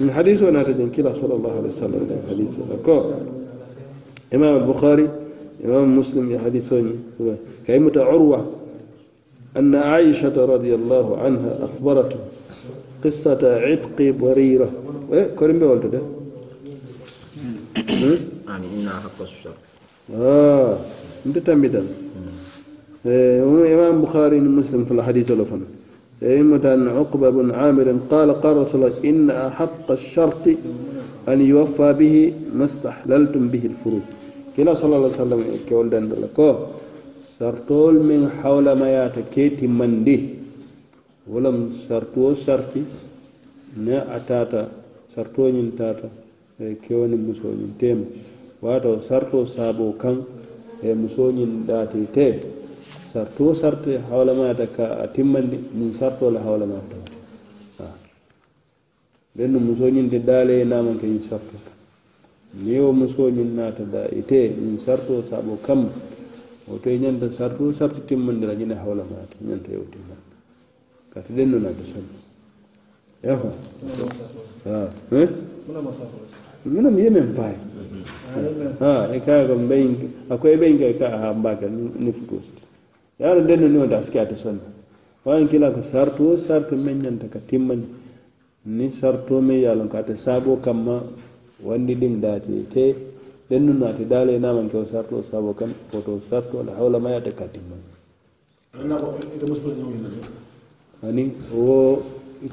الحديث وانا تجن كلا صلى الله عليه وسلم الحديث كو امام البخاري امام مسلم يحدثني كلمة عروة أن عائشة رضي الله عنها أخبرته قصة عتق بريرة إيه كريم بيقول ده يعني إنها حق الشر آه أنت تنبتن إيه، إمام بخاري مسلم في الحديث الأفنى أئمة عقبة بن عامر قال قال رسول الله إن أحق الشرط أن يوفى به ما استحللتم به الفروض كلا صلى الله عليه وسلم كول دندلكو سرطول من حول ما ياتكيت من دي ولم سرطو سرطي نا أتاتا سرطو ننتاتا كيوان مسو ننتيم واتو سرطو سابو كان مسو ننتاتي تيه sar to sarte hawlamata ka a timmandi mum sartola hawlama tawata nden no musoñinde daale e namanke ñin sartota ni o musoñin naata da ite ñin sarto saabo kam oto e ñanta sarto sarto timmandira ñine hawlamata ñanta yew timmande kati den no nadde sam yafa minam yemen faye mm-hmm. a e, e kaa ko mbeyi a koye ɓeyi ka ka a mbakel ni futuusa yaara lenno no da sike ta sonni wayan kila ko sarto wo sarto men ñanta ka timmani ni sarto men ye lon ko ate saabo kamma wandi ɗin daate te ta naate daale namanke o sarto sabo kan kam sarto ala hawla ma yate ka timmani ani wo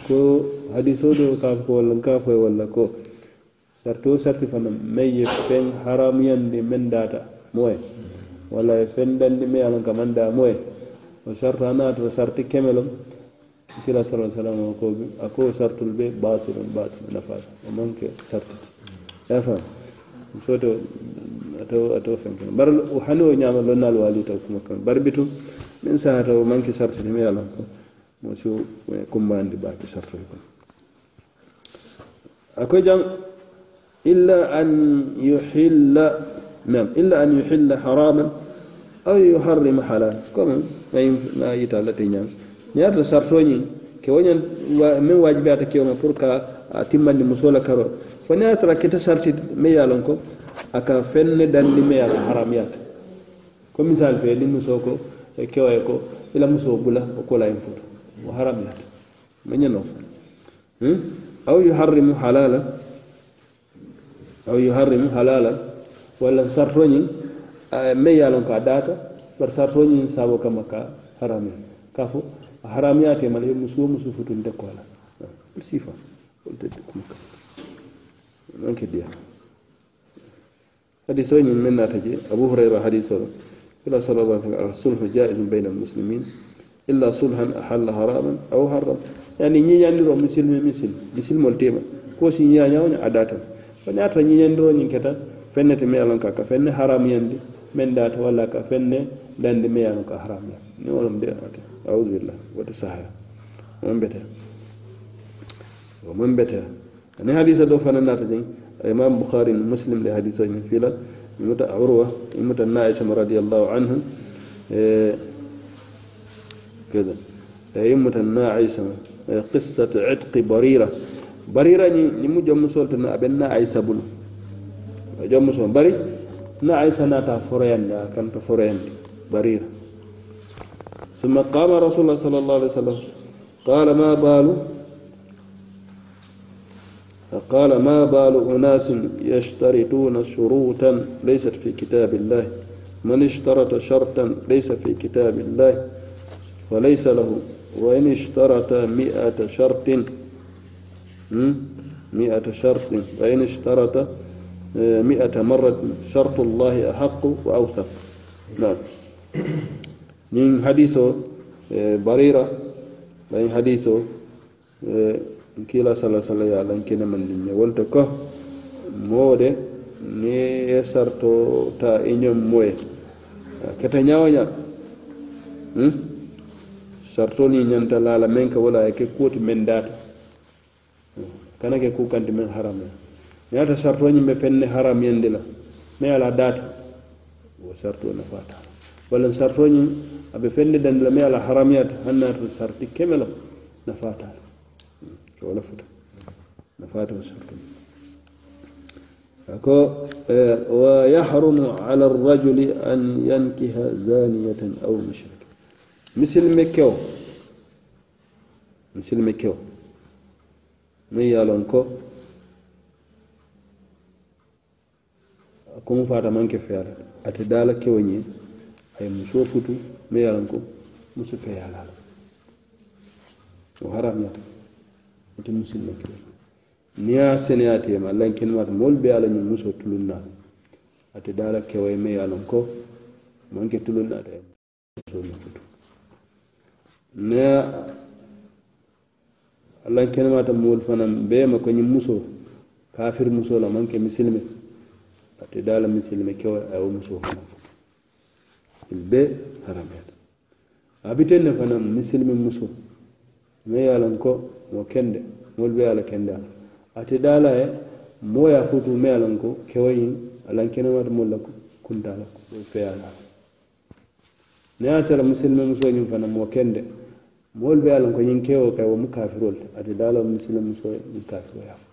ko hadiso do ka ko walla ka foye walla ko sarto sarto sarti fana men ye fen haramuyandi men data moye mm -hmm. walla e fendandi me alan kam anda mo e o charte a naatata charte kemelom kila sala sallam ko ako chartul be batulum batulu nafaat o e manque chartete yafam soto ato ato fenkene bar o hani o ñama lonnal wali taw kumakam bar bitum min saha taw o manque chartete me alan ko mo so e kumbandi baki chartoy kon ako jam illa an yuhilla nam illa an yuhilla haraman aw yo harre ma hala comme na na yita la te ñam ñaata sarto ñi ke wonya men wajibi ata ke ma pour ka timmande muso la karo fo ne ata ke ta sarti me yalon ko aka fenne dan ni me yalon haram yata ko misal fe li muso ko ke way ko ila muso bula ko la info wa haram yata men ñano hmm aw yo harre mu halala aw yo harre mu halala wala sarto ñi Eh, mey yaalon ka data bar sartoñi sabo kamma ka harami ka fo a haramiyate mala yo musuwo musu futun dekko ala sifa nonke diya hadis o ñin min nata je abou hurayra hadis o ila salallah sa alsulhu jaizum bayna almuslimin illa sulhan ahalla haraman aw haram yani ñiñandiro musilme misil misilmol tema ko si ñiñañawña a datan fani ata ñiñandiro ñin keta fennete me alon kaka fenne haramiyandi من لا تولى كفن لن دمي انك يعني حرام نقول ام اعوذ بالله وتسحى من بيت ومن بيت ان يعني حديث دو فنن امام بخاري ومسلم لحديثين في لا متى عروه متى عائشه رضي الله عنها إيه كذا أئمة إيه الناعسة إيه قصة عتق بريرة بريرة نمو جمسولتنا أبن ناعسة بلو جمسول بريرة na aisha naata foroyandi a kanta foroyandi ثم قام رسول الله صلى الله عليه وسلم قال ما بال فقال ما بال أناس يشترطون شروطا ليست في كتاب الله من اشترط شرطا ليس في كتاب الله فليس له وإن اشترط مئة شرط مئة شرط وإن اشترط مئة مرة شرط الله أحق وأوثق نعم من حديث بريرة لأن حديث كلا صلى صلى الله عليه وسلم كنا من ولتك مودة ني شرط تا إنيم موي كتا نيوانيا شرطو ني نيانتا لالا منك ولا يكي كوت من دات كانك كوكا من حرامي ñaata sarto ñiŋ be feŋ ne haramuyandi la me ye a la daata wo sarto nafaata walla sarto ñiŋ a be feŋ ne dandi la me ye a la haramuyata haŋ naata sarti keme la nafaata la ke wo le futa nafaata wo sarto ako wayahrumu ala arrajuli an yankiha zaniyatan aw mushrika misilime kewo misilime kewo miŋ ye a loŋ ko kuŋo faata manke ke ate daa la kewo ñiŋ a ye futu me ye a loŋ ko musu feya la o haram haramuyata ate musilima kilo niya ye a seneya teema lankenemaata moolu be ye a la ñiŋ musoo ate daa la kewo me ye a loŋ ko maŋ ke tuluŋ naata ye musoo me futu niŋ lankenemaata moolu fanaŋ be ma ko ñiŋ muso kafir muso la manke ke ate dala misilime kewo a wo musoo fana fo il be haramuyata a biten ne fanaŋ misilime muso me ye a loŋ ko moo kende moolu be a la kende a eh, la ate dala ye moo ye a futu me ye a loŋ ko kewoyiŋ a laŋ kenemata moolu la kunta la feya la ne ye a tara misilime muso ñiŋ fana moo kende moolu be a loŋ ko ñiŋ kewo kay wo mu kafirol ate dala wo misilime muso ye mu kafiroya fo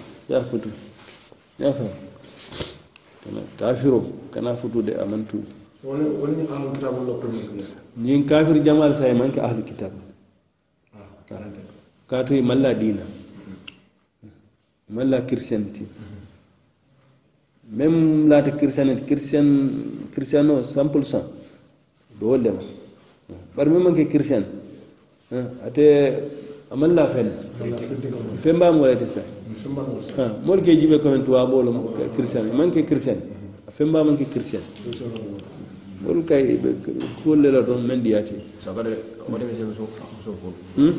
yafutu yafa kafiro kana futude amantu ñin kafir jamal saye manke ahlu kitab ah, katoyi e malla dina malla christianity même lata christianity christian christiano cent pour cent do wollema bar me manke christian ah, ate amal la fen fen mbam wala te sa mol ke jibe ko men tuwa bolo christian man ke christian fen mbam man ke christian mol kay be ko le la don men diati sa ba de o de me so so fo hmm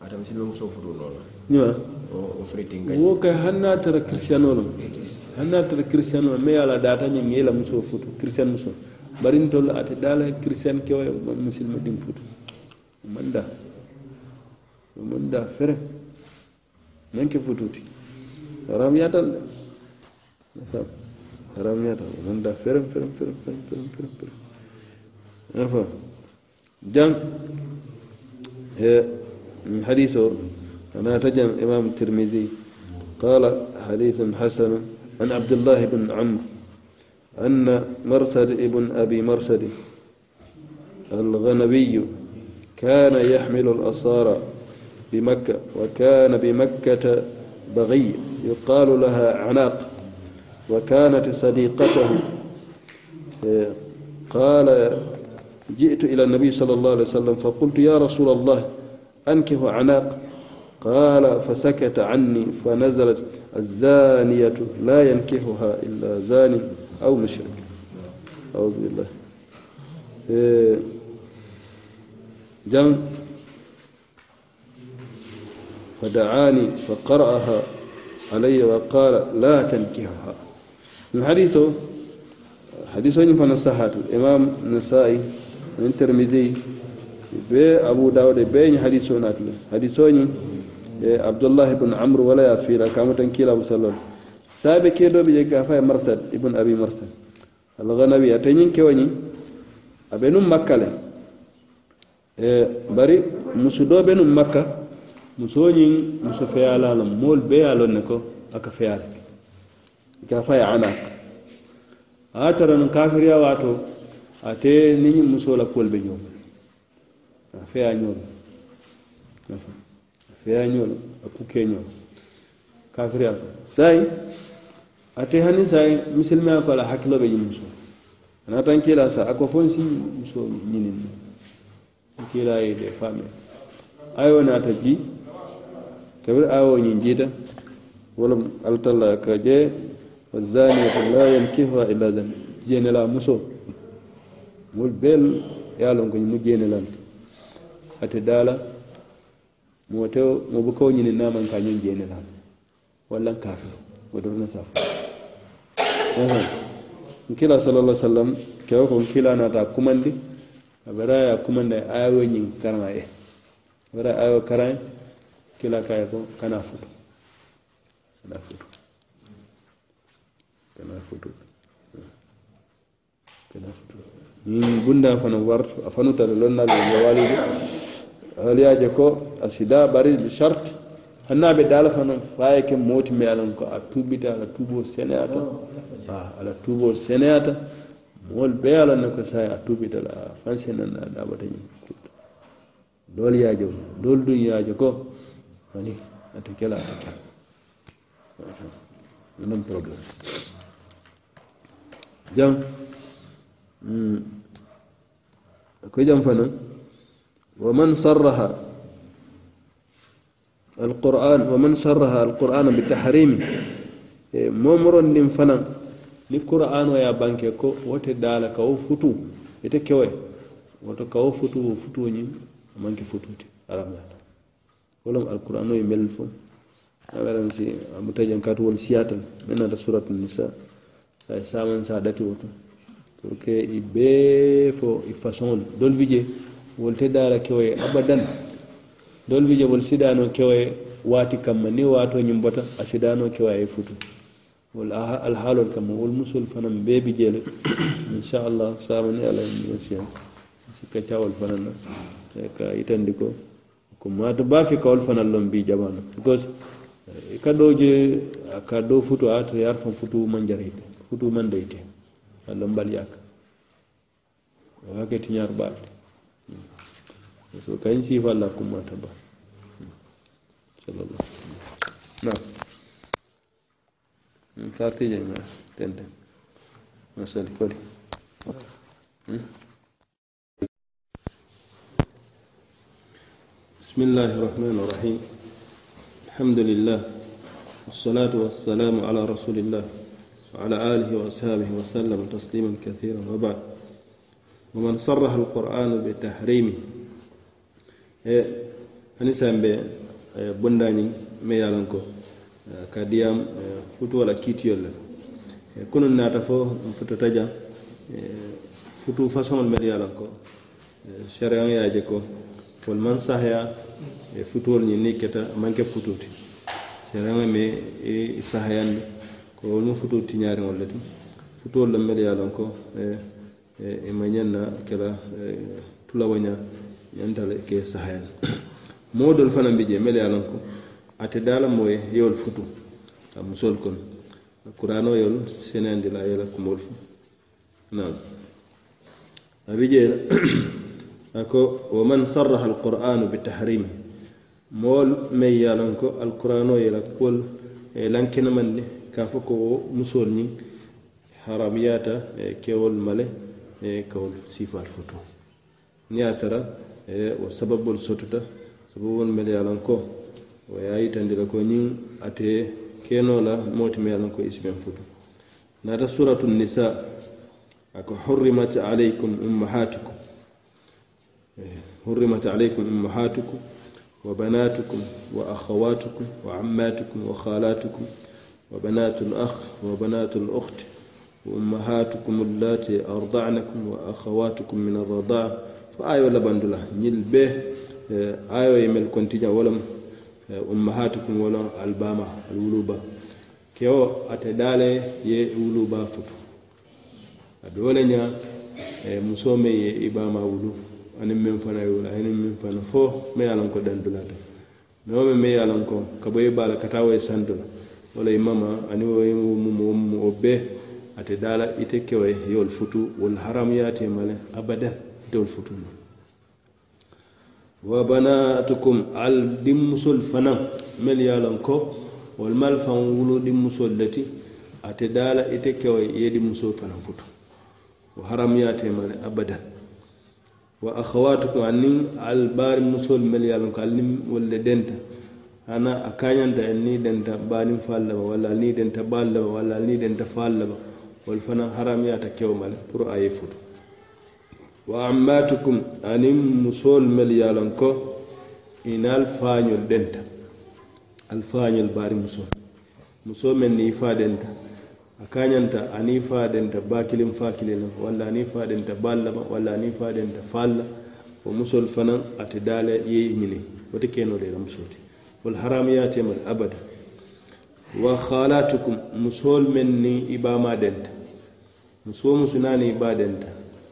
ata mi sibe mo so fo do non ni wa o o frete ngai wo ka hanna tara christian wala hanna tara christian wala me ala data ni ngela mo so fo christian mo so barin tolla ate dala christian kewa musulma dim fo man da ɗumun da fere nan ke fututi haram ya dalle haram ya dalle ɗumun da fere fere fere fere fere fere fere nafa jan حديث أنا تجن الإمام الترمذي قال حديث حسن عن عبد الله بن عمرو أن مرثد ابن أبي مرثد الغنبي كان يحمل الأصارى بمكة وكان بمكة بغي يقال لها عناق وكانت صديقته آه، قال جئت إلى النبي صلى الله عليه وسلم فقلت يا رسول الله أنكه عناق قال فسكت عني فنزلت الزانية لا ينكهها إلا زاني أو مشرك أعوذ بالله آه، جمع فدعاني فقرأها علي وقال لا تنكحها الحديث حديث فن الصحات الإمام النسائي الترمذي بي أبو داود بين يعني حديثونات حديثوني إيه، عبد الله بن عمرو ولا يفيرا كما تنكيل أبو سلول سابق كيدو بيجيك أفاي مرسد ابن أبي مرسد الغنبي أتنين كيواني أبنو مكة لي. إيه، بري مسودو بنو مكة muso ñiŋ muso feyaala loŋ moolu bee ye a loŋ ne ko a ka feyaa le ke ka fa ye a ye tara nuŋ kafiriya waato ate niŋ ñiŋ musoo la kuolu be ñoo a feyaa ñoo le a feyaa ñoo le a kukee ñoo le kafiriya ko saayi ate hani saayi misilimaya ko la hakkilo be ñiŋ musoo a naatan kiila sa a ko si muso si musoo ñiniŋ kiila ye de faamee ayo naata jii kabir awo yin jiita wala altalla ka je wa ta la kifa ila zan la muso mul bel ya a lon ko mu jeenelanta ate daala mu tew mo bu nyini na man ka lan jeenelanta walla kafiro wo dorna safo kila sallallahu sallam ke ko kila na ta kumandi abara ya kumanda ayo ñin karma e abara ayo karan kila kaye ko kana futu kana futu kana futu kana futu ñiŋ bunda fana wartu a fanu tara lonna lo walidi ali je ko a sida bari sharte hanna be dala fana faye ke moti me alan ko a tubita ala tubo seneyata ala tubo seneyata mool be ala ne ko saye a tubita la a fansenana dabata ñiŋ lolu yaajo lolu duŋ yaajo ko Voyez, en tout cas là, Le même problème. wa man sarraha alquran wa man sarraha alquran bi tahrimi e eh, momoron din fanan ni qur'ano ya banke ko wote dala ka o futu ite kewe woto ka o futu futu wolom alqur'ano e mel fo awaran si amutajan wol siyatan men nisa ay saman sa dati woto pour que i fo i façon dol wije dara kewoye abadan dol wije wol sidano kewoye waati kamma ni waato a sidano kewaye futu wol alhaalol kamma wol musol fanan inchallah samani ko maata baafi kawol fana lon mbi jaɓano because eh, kado je ka do futu ato yar fan futu man jarayte futu man dayte allah mbalyaka o hake tiñar baalde so kañ siifa allah ko maata ba sallallah na sartije ñaas tenden masali koli Hmm? بسم الله الرحمن الرحيم الحمد لله والصلاة والسلام على رسول الله وعلى آله وأصحابه وسلم تسليما كثيرا وبعد ومن صرح القرآن بتحريمه إيه، أنا سامبي إيه، بنداني ميالانكو إيه، كديام فتو ولا كيتيول كنا نعرفه فتو تجا فتو فصل مريالانكو شريان يا جكو folman sahaya e futol ñin ni keta manke futoti seranga me e sahayanni ko wolum futoti tiñariŋol leti futol lo mele ya lonko e, e, e mañan na kela e, tulawaña ñantal ke sahayan moodol fana mbi je mele ya lonko ate dala moye yewol futu a musol kon kurano yol senandila yela kumol fu nam abijeela ako wa man sarraha alqur'anu bitahrimi mool may ye lon ko alqur'ano ye la kuwol e lankinamandi ka fo ko wo musol ñing haramiyata e kewol male e kawol sifat foto niŋ ye tara wo sababol sotuta sababol mele ye lon ko wo ye yitandi la ko ñiŋ ate keno la moti ma ye lon ko isimen futu naata suratu nisa ako hurrimat alaykum ummahatukum حرمت عليكم أمهاتكم وبناتكم وأخواتكم وعماتكم وخالاتكم وبنات الأخ وبنات الأخت وأمهاتكم اللاتي أرضعنكم وأخواتكم من الرضاع فآية ولا بندلة نيل به آه، آية يمل كنتيجا ولم آه، أمهاتكم ولا الباما الولوبا كيو أتدالي يولوبا فتو أبي ولنيا آه، مسومي ولوبا ani min fana yula ani min fana fo me ye lanko dandulata mais wo me me ye lanko ka bo i bala ka taa wo ye santola wala i mama ani wo be ate dala ite kewe yol futu wol haram yaate male abadan ite wol futu ma wa banatukum al dimmusol fanan mel ye lanko wol mal fan wulu dimmusol lati ate dala ite kewe ye dimmuso fanan futu wo haram yaate male abadan wa akhawatukum anni al bar musul mel ye a loŋ ko denta ana a kañanta ali denta baaniŋ falla ba wala ni denta balla ba wala ni denta falla ba wal fana haram ya takew mal pour a futu wa ammatukum anni musul mel ye ko ina alfaañolu denta al baari bar musul musul men ni fa denta a ni ani da bakilin fakilin walla ani fadenta ballama ni ani da falla wa musol fanan ate dala yeyi ñini wote kenole la musoti wal haram mai abada wa khalatukum musol men ni ibama denta musu musu na ni ba denta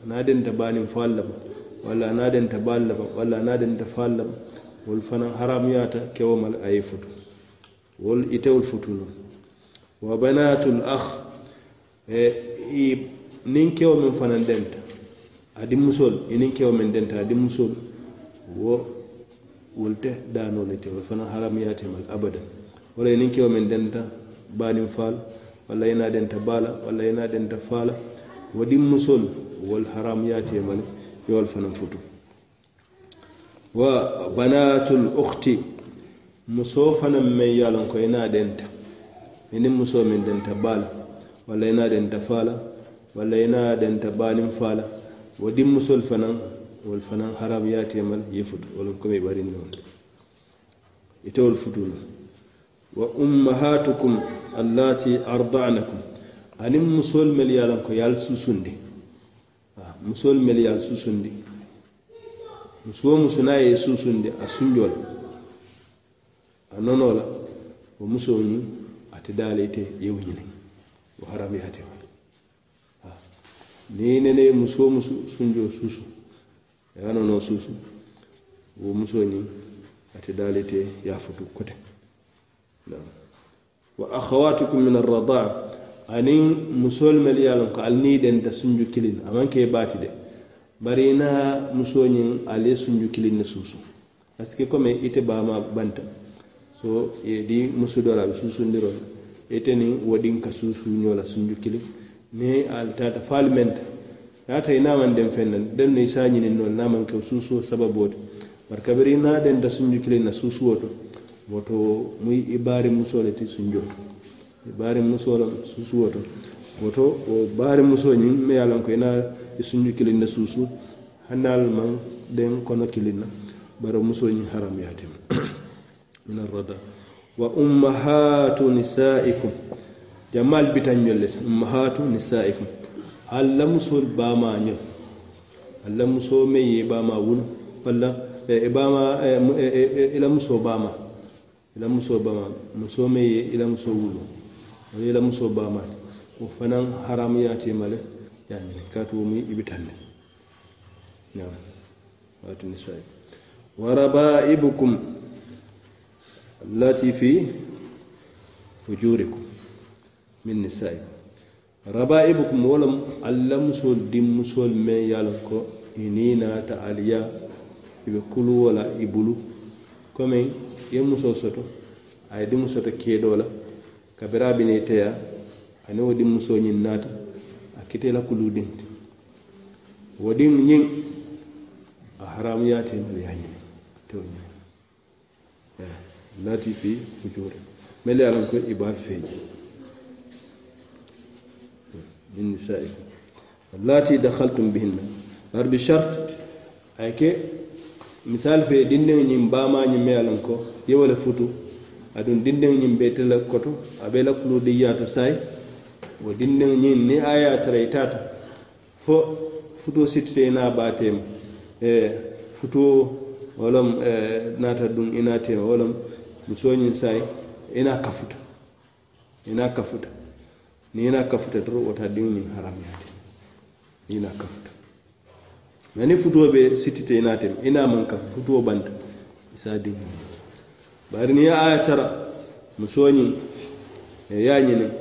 na denta banin ba wala na denta ba wala na denta ba wal fanan haram yata kewomal aye futu ita itewol futu wa banatul akh Eh, nin kewo min fana denta adiŋ musol i niŋ kewo meŋ denta adiŋ musol wo wolu te daanoo le ti wolu te mal abadan wala i niŋ kewo meŋ denta baaniŋ fal walla i naa denta bala wala walla i naa denta faa la wo diŋ haram wolu te mal i wol fana futu wa banatul ukhti muso fana meŋ ye ko i denta i niŋ musoo denta bala. walla i naata ta faa la walla i ta nta fala faa la wo diŋ musolu fanaŋ wolu ya haramuyaatema Wani ye futu wolu komi ita bariŋ noŋ ti Wa wolu futu la wa ummahatukum allati ardanakum aniŋ musolu melu ye a loŋ ko ye ali susundi musolu melu ye ali susundi musu wo musu yi a ye susundi a sunjoo a nanola la musulmi a ñiŋ dalaita yau ite yewu o haramiyate wala ni nene muso muso sunjo susu e ano no susu wo muso ni ate dalete ya futu kote na wa akhawatukum min ar-radaa ani musol mel yalon ko alni den da sunju kilin ke bati de bari na muso ni ale sunju kilin ne susu parce que comme ite bama banta so e di musu dora susu ndiro ite niŋ wo diŋ ka suusuuñoo la sunju kiliŋ niŋ alta taata faalu ta naata i man den feŋ na den ne i se a ñiniŋ noo le naamaŋ ke suusuo bari kabiri na a denta sunju kiliŋ na suusuo woto woto mu i baari musoo le ti sunjoo to i baari musoo la suusuo o woto wo baari musoo me ye a loŋ ko i naa sunju na suusu hani ali maŋ den kono kiliŋ na bari musoo ñiŋ haramuyaati min arrada wa ummahatu nisaikum jamma albitañolleta ummahatu nisaikum alla musol bama ñol alla muso me ye bama wul walla ibama e, e e, ila muso bama ila muso bama muso me ye ila muso wulu wala ila muso bama ko fanan haram ya te male ya ni katu mu ibitande na watu nisai warabaibukum allati fi hujurikum min nisaikum rabaibukum wala allamusol dimmusol men yala ko ini nata aliya ibe kulu wala ibulu komin ye muso soto aye dimu soto kedola kabira bine teya ani wo dimmuso ñin nata a kitela kulu dinti wo dim ñin a haramuyatimaliya ñini tewo ñini yeah. naati fii ko joore mele alam ko ibar feeji inni saiko allati dahaltum bihinna ar bi shart ay ke misal fe dindeŋ ñiŋ baamañiŋ me alan ko yewo le futu adun dindeŋ ñiŋ be tela koto a be la kulu diyyaata saayi wo dindeŋ ñiŋ ni aya tara itaata e fo futuo sittite ina baateema e futuo wolom e naata duŋ ina teema wolom musoo ñiŋ saayi a kafuta i a kafuta niŋ i kafuta doroŋ wota diŋo ñiŋ haramuyaata niŋ i niŋ a kafuta mais niŋ futuo be sitite i naate i niŋ a banta i se bari niŋ ye aya tara musoo ñiŋ e ye a ñiniŋ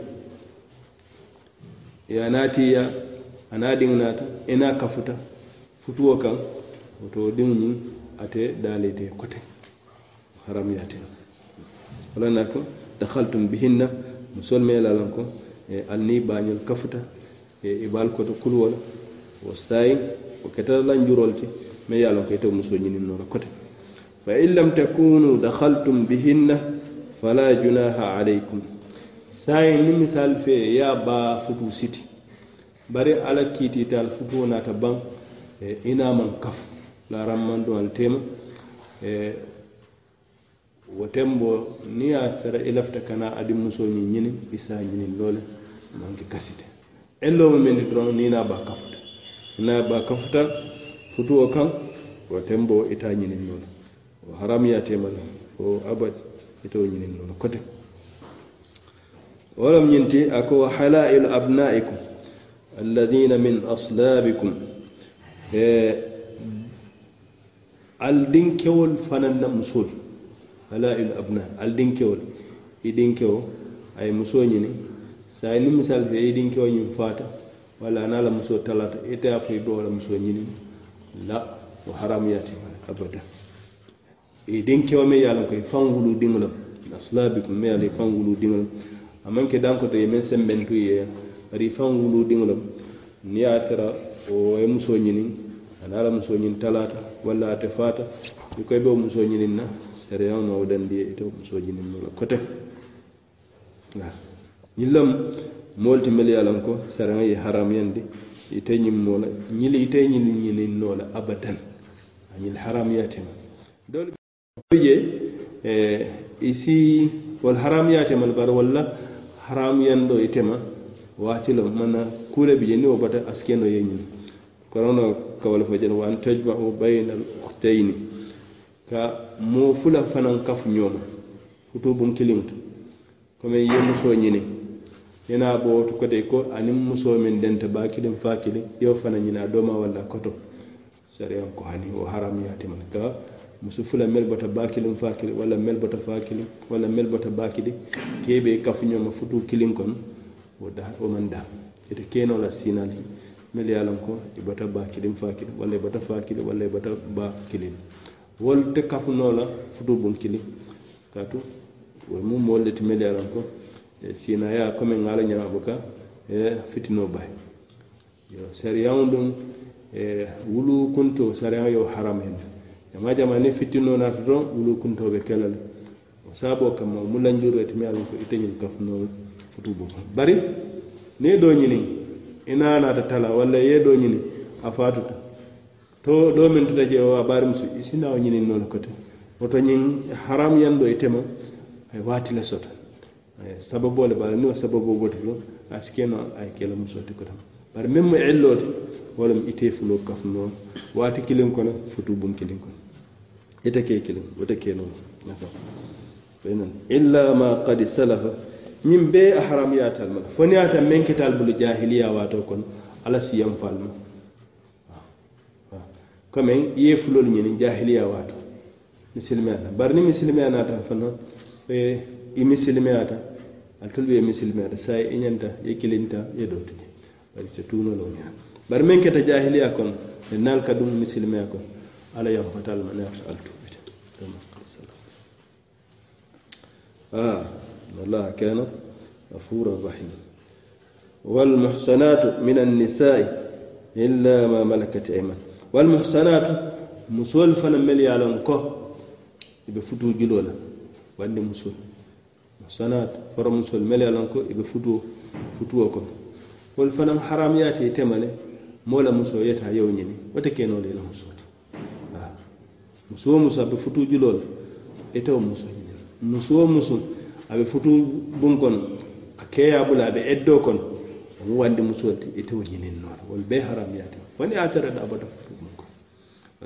ye a naatiya a niŋ kafuta futuo kaŋ woto diŋo ate daaleete kote haramuyate la wala na ko dakhaltum bihinna musol me la ko e alni bañol kafuta e ibal ko to kulwala wa sayi o keta lan jurolti me ye ko to muso ñinin noo la kote fa illam takunu dakhaltum bihinna fala junaha alaykum sayi ni misal fe ya ba futu siti bare ala kiitiita al futuo naata ban e ina la kafu do al tema e wo tembo niŋ ye a tara i lafita kana adi muso ñiŋ ñiniŋ i se a ñiniŋ loo le maŋ ke kasite elloo mu meŋ ti doroŋ niŋ naa kafuta niŋ naa kafuta futuo kaŋ wo tembo ite a ñiniŋ noo le wo haramuyaatema le wo abadi ite wo ñiniŋ kote wo lemu ako ti halailu abnaikum alladhina min aslabikum eh, al dinkewol fanaŋ na musoolu halailu abna al dinkewol i dinkewo a ye musoo ñini misal ni misali te i dinkewo ñiŋ faata walla ana la musoo talata ite a fo i be wo la musoo ñiniŋ la wo haramuyatima abada i dinkewo me ye a loŋ ko i faŋ wulu diŋo lo aslabikum meŋ ye a loŋ i faŋ wulu diŋo lo a maŋ ke dankoto ye meŋ sembentu ye bari i faŋ wulu diŋo lo niŋ ye a tara wo ye musoo ñiniŋ ana la musoo ñiŋ talata walla ate faata i ko i be wo musoo ñiniŋ na rewno o dandiye e tew musoji nin nola kote ñillam molti mbele yalam ko saraŋa ye haram yandi ite ñim nola ñil ite ñil ñinin nola abadan a ñil haram yatema dolje e, isi wal haram yatemal bar walla haram yando itema waati lo mana kuule bi jeni o bata askeno yeñin korono kawal fo jen wan tajma'u bayna al ukhtayni ka moo fula fanaŋ kafu ñooma futu buŋ kiliŋo to komi i ye musoo ñiniŋ i naa bo wotu ko ko aniŋ musoo miŋ denta baa kiliŋ faa kiliŋ yewo fana ñina a dooma walla koto sariyaŋ ko hani wo haramuyaati man ka musu fula mel bota baa kiliŋ faa kiliŋ walla mel bota faa kiliŋ walla mel bota baa kiliŋ kee be kafu ñooma futu kiliŋ kono wo daa wo maŋ daa ite keenoo la siinal mel ye a loŋ ko i bota baa kiliŋ faa kiliŋ walla i bota faa kiliŋ walla i bota baa kiliŋ wol te kafunoo la futu bunkili kaatu wo mu moolu le ti meli ko siinaya comme ŋa la ñama e, buka e, fitinoo bayi yo sariyaŋo duŋ wulu e, kunto sariyaŋo yo hen jama jama ni fitinoo naata doroŋ wulu kunto be kela la le wo saaboo kamma mu lanjuru le ti miŋ ye a loŋ ko ite ñiŋ kafunoo futu bari ne ye doo ñiniŋ i naa naata tala walla ye doo ñiniŋ a faatuta to do min tuta je wa bari musu isinawo ñinin nolu kote woto ñin haram yando itema e ay e waati le soto e sababo le bari niwo sababo boti fulo a ay kela musoti koto bari meŋ mu illoti ti ite fulo kafuno waati kiliŋ kono futu bun kiliŋ kono ite ke kiliŋ wote ke noo nafa fenan illa ma qad salafa ñiŋ bee haram yaatal ma la fo niŋ ta meŋ bulu jahiliya waato kono ala siyaŋ faalu ma kame i ye fulolu ñini jahiliya waato misilimeyata bari ni misilimeya naata fana e, i misilimeyata atolu ye misilimeyata saye i ñanta ye kilinta ye dootu ñi bari ce tuunolo ñaa bari meŋ keta jahiliya kono e naal ka duŋ misilimeya kono alla yahofata alma ne ata ala tuubita الله كان غفورا رحيما والمحصنات من النساء إلا ما ملكت أيمانكم wal muhsanatu musol fana mel ye lon ko ibe futu julo la bandi musol muhsanat fara musol mel ye lon ko ibe futu futuwo ko wol fana haram yati e temale mola muso yeta yow ñini te keno le la muso to muso muso be futu julo la eto muso ñini muso muso abe futu bun kon akeya bula be eddo kon mu wandi muso te eto ñini non wol be haram yati wani atara da abada futu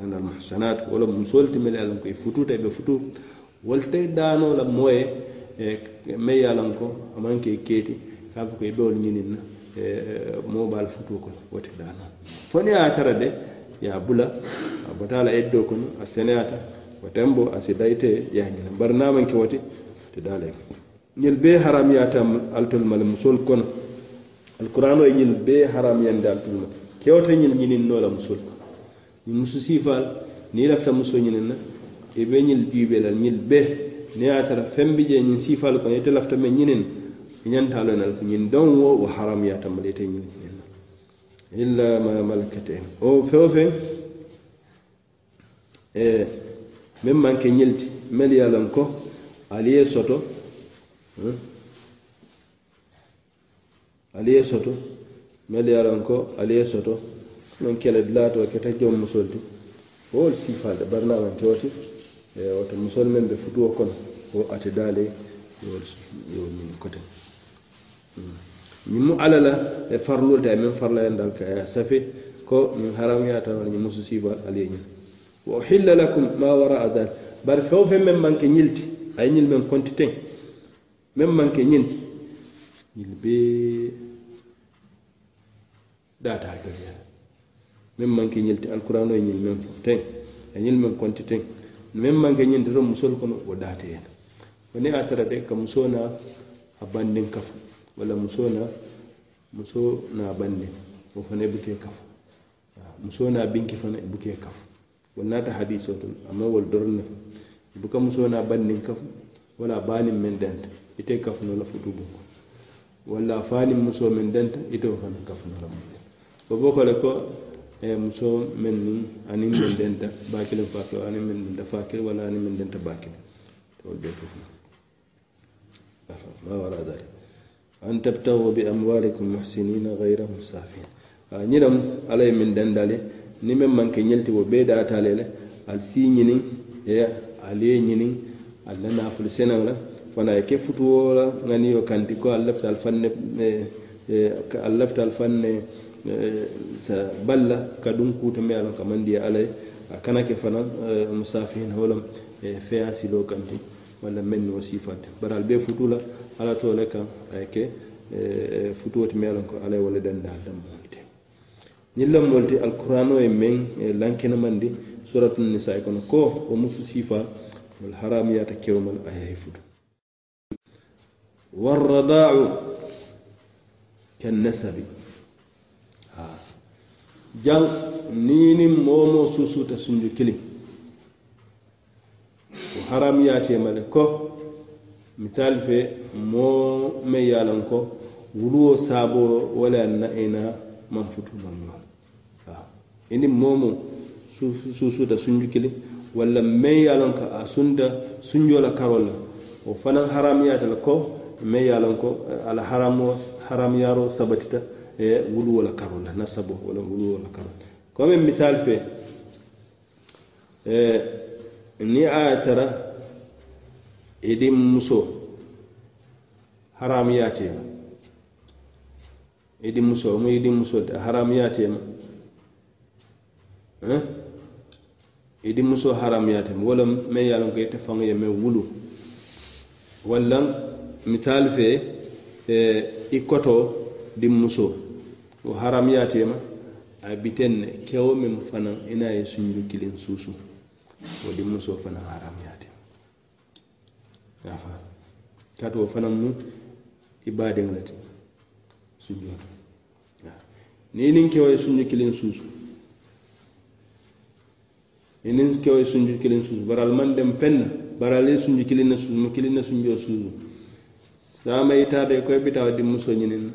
anal muhsanat wala musol ti mel yalan ko e fututa ɓe futu wolte dano la moye me yalan ko amanke keeti kaɓe ko e ɓewol ñininna e mobal futu kono wote dano foni a tara de ya bula a botala eddo kono a seneyata o tembo a sidayte yañina bari namanke wote te dala ko ñil be haram ya yatam altol mal musol kono alquran o ñil be haram yande altol mal kewta ñil ñinin nola musol ko ñiŋ musu siifaal niŋ i lafita musoo ñiniŋ na i e be ñiŋ juubee la ñiŋ bee niŋ ye a tara feŋ bi jee ñiŋ siifaalu kono ite lafita meŋ ñiniŋ i ñanta a loŋ na le ko ñiŋ doŋ wo wo haramuyaata mala ite ñiŋ ñiniŋ na illa ma malakate o feŋ wo feŋ e, meŋ maŋ ke ñiŋ ti meli ye a loŋ ko ali ye soto hm? ali ye soto meli ye a loŋ ko ali ye soto hmm? non kele dilaato kete joom musolde fool siifaalde barnaamante oti e, e oto musol men ɓe futuo kono o ate daale yoolmin kote ñimmu alala e farlulde a min farlayendal ka e safe ko min haram yatawar ñimmu su siifaal aliye ñin wa uhilla lakum ma wara a dal bar few fe men manke ñilti ay ñil men konti teng men manke ñin ñil be daataa gariyaa meŋ manke ñilti alkurano ye ñil meŋ fo teŋ a ñil meŋ konti teŋ meŋ manke ñinti to musolu kono wo daateyena ko niŋ a tara de ka musoo na a bandin kafu walla musoo na musoo na a bandin wo buke kafu musoo na binki fana i buke kafu wo naata hadisoo to amma wolu doroŋ ne fo i buka musoo na a kafu walla a baaniŋ meŋ danta ite kafunoo la futu bunko walla a faaniŋ musoo meŋ danta ite wo fana kafunoo la bunko bo boko le ko Eh, muso meŋ ni aniŋ min denta baa kiliŋ faa kiliŋ aniŋ meŋ denta faa kiliŋ walla aniŋ meŋ denta baa kiliŋ tewol bee to fana ma wara dalik an tabtago bi amwalikum muhsinina gayra musafin ah, ñiŋ lemu alla ye miŋ denda le niŋ ke ñiŋ ti wo bee daata le al ali si ñiniŋ e, ali ye ñiniŋ ali la naafulu senaŋ la fana ye ke futuwo la ŋaniyo kanti ko ali lafita ali faŋ ne e, ali lafita ali faŋ ne sa balla ka dun kuta me alon ka da ya alai a kana ke fana eh, musafin holam e feyasilo kanti walla e, e, men no sifante bari al be futula ala to le kan aye ke futuwoti me alon ko ala ye walla dandal dammolte ñin lammolti min ye men mandi suratun nisa ikon ko o musu sifa wal haram yata kewmal ayaye futu warradau kannasabi ni ni momo susu ta sunju haram o haramuyaatema le ko misali fe mo me ye ko wuluwo saaboro wala na ina man futu man ñoŋ ini moo susu ta sunju kiliŋ wala me ye a ka a sunda sunjo la karol o fanan haram ya ta ko me ye ko ala haram yaro sabatita wuluwo la karonda nasabo wala wuluwo la karonda comme misal fe ni a tara idin muso haram yatema idin muso mu idin muso haram yatema hein idi muso haramuyatema walla meŋ ye a loŋ ko ite faŋo ye meŋ wulu walla misali fe i koto di muso wo ma a biten ne kewo min fana fanaŋ i ye sunjuru kiliŋ suusu muso fana musoo fanaŋ haramiyatema yafa kaatu wo fana mu i baadeŋo le ti sunjuru ni nin kewo ye sunju kiliŋ suusu niŋ niŋ kewo ye sunju kiliŋ suusu bari ali maŋ deŋ peŋ na bari ali ye sunju kiliŋ ne suusu mu kiliŋ ne sunjoo suusu saama i taata i ko i bita wo di musoo ñiniŋ na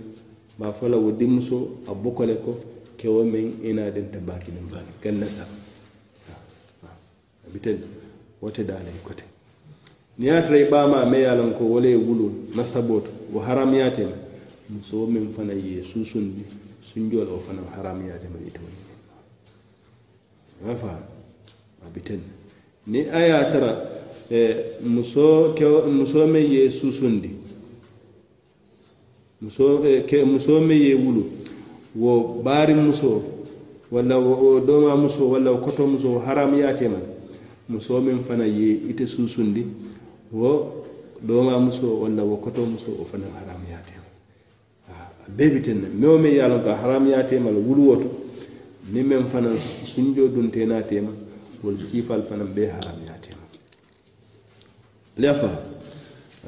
ba fola wo dimuso a bokole ko kewo min ina ta denta bakilin bani ganna sa abitan wata dalai kote ni ya tare ba ma me yalan ko wale wulu na sabot wo haram ya tema muso min fana ye susun sun jola o fana haram ya tema ya wani a abitan ni aya tara eh, muso muso me ye susundi muso eh, ke muso me ye wulu wo bari muso wala wo doma muso wala wo koto muso haram ya yaatema muso min fana ye ite susundi wo doma muso wala wo koto muso o fana haram yaatema a bebi biten ne me ye a lon ka haram yaatema la wulu woto ni men fana sunjo dunte naatema wol sifal fana be haram ya yaatema lefa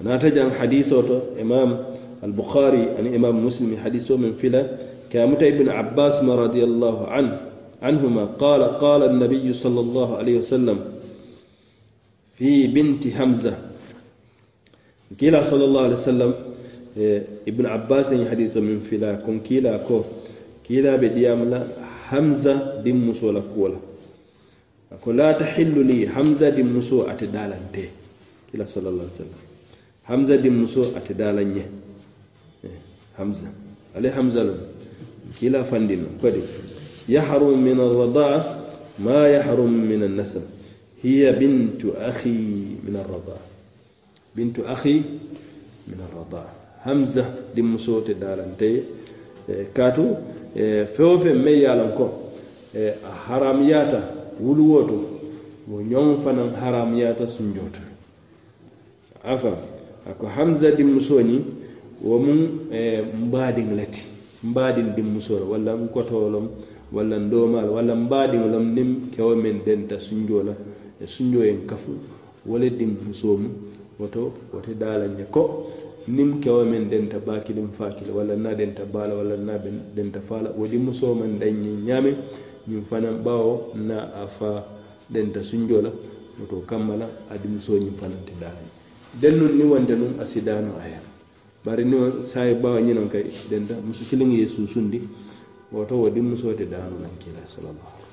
anata jan hadiseo to imam البخاري عن يعني الإمام مسلم حديثه من فلا كامت ابن عباس ما رضي الله عنه عنهما قال قال النبي صلى الله عليه وسلم في بنت حمزة كلا صلى الله عليه وسلم إيه، ابن عباس حديث من فلا كن كلا كو كلا بديام لا حمزة دم مسولا كولا أقول لا تحل لي حمزة دم مسو أتدالا كلا صلى الله عليه وسلم حمزة دم مسو أتدالا نيه hamza ale hamza lon kila fandino kodi yahrum min alradaa ma yahrum min annasab hiya bintu akhi min alradaa bintu akhi min alradaa hamza dimmusote dalante kaatu fewo fe meŋ ye a loŋ ko a haramuyata wuluwo to wo ñoŋ fanaŋ haramuyata sunjoo to a faŋ a ko hamza dimmusoo ñiŋ wo mu e, mbaadiŋ le ti mbaadiŋ dimmusoro walla n kotoo lom walla n doomaalo walla mbaadiŋo lom niŋ kewo meŋ denta sunjoo la e sunjoo yeŋ kafu wo le dimmusoo mu woto wote daalaŋne ko niŋ kewo meŋ denta baakiliŋ faakila walla na denta baala walla na denta faala wo dimmusoo maŋ daŋ ñiŋ ñaame ñiŋ fanaŋ baawo na a faa denta sunjoo la woto kamma la a dimmusoo ñiŋ fanaŋ te daalaŋ dennuŋ niŋ wonte nuŋ a sidaano a yaŋ bari no saye bawa ñinon kay denta musu kiliŋ ye susundi woto wo di musoo da daanu naŋ kila salallahu alaihi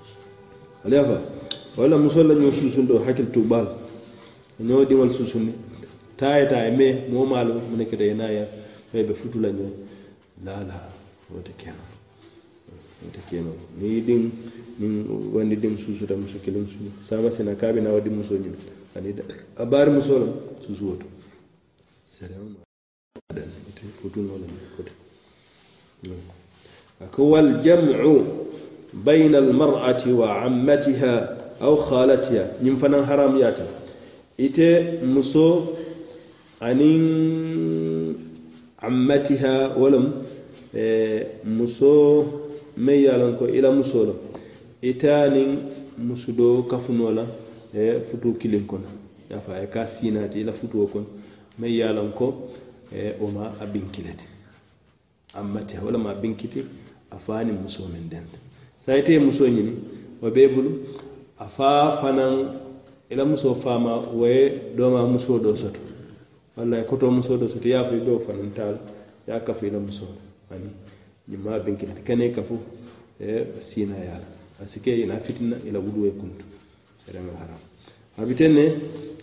wasallam aliya fa walla musoo la ñoo susundi o hakkil tubaal ñoo diŋol susundi taye taye mais moo maalu mu nekkita ye naa yaa fay be futu la la wata laala wata keno wote din ni wani din su su da musu kiliŋ su sama sina kabi na di musu ñin ani da abar musoo su su wato serewno aɗan bainal futunola mi kote ako waljamu bayna almar'ati wa ammatiha aw khalatiha ñiŋ fanaŋ haramuyata ite muso anin ammatiha wolem eh, muso meŋ ye ko i ite musu do kafin wala eh, futuu kiliŋ kono ya a eh, ka siinaati i Me ye eh, a loŋ ko wo ma a binkile ti ammatiha wo lema a binkiti a faa muso min meŋ denta saa ite ye musoo ñini wo bee bulu a faa fanaŋ i la musoo faama wo ye dooma muso do soto walla ye kotoo musoo doo soto ye a fo i be wo fanaŋ ye a kafu i la musoo ani ñiŋ maa binkilita kene kafu eh, siina ye a la a ina fitina i la wuluwo kuntu erema haram a ne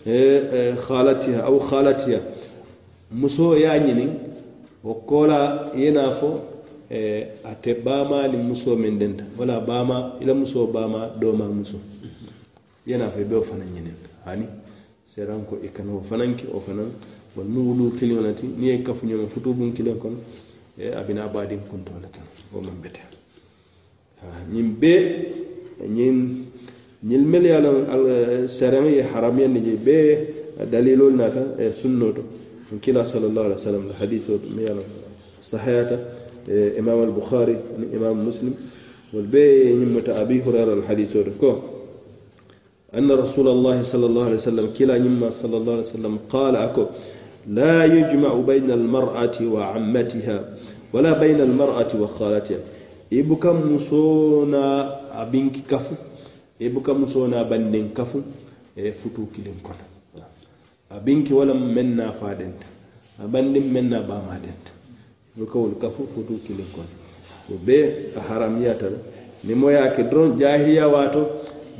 E, e, khalatiha aw khalatiha muso ya nyini wo kola yena fo e, ate bama ni muso min wala bama ila muso bama doma muso yana fo be o fana ñinin ani seran ko i kana o fanan ke o fanan bon nu wulu kiliŋo nati niŋ ye kafuñoma futubuŋ kiliŋ kono a bina baadiŋ kuntoo le kan wo maŋ ñil mel ye lan sarame ye haramuyanni je bee dalilol naata e sunno to kila salallahu alih wa sallam to hadise o to mi yalan sahayata imam albukhari ni imam muslim wol bee ñimmata abi hurara al hadise o to ko أن رسول الله صلى الله عليه وسلم كلا نما صلى الله عليه وسلم قال أكو لا يجمع بين المرأة وعمتها ولا بين المرأة وخالتها إبكم مصونا أبنك كفو e buka musoo na bandin kafu e futu kilin kono a binki wala menna na a bandin men bama denta buka wol kafu futu kilin kono o be haram ya tan ni mo ke dron jahiliya waato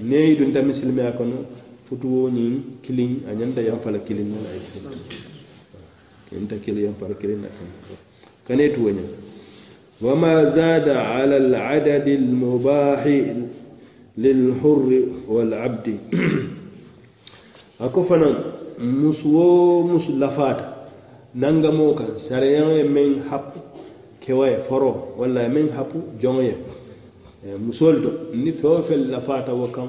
niŋ i dunta misilimeya kono Futu woni kilin a ya fala kilin na la ye kilin ya fala kilin na kan kanetu tuwo wa ma zada ala al adad al mubahi للحر والعبد أكفنا مسو مسلفات نانغامو كان سريان من حق كواي فرو ولا من حق جونيا musoldo ni fewo fel lafata wo kan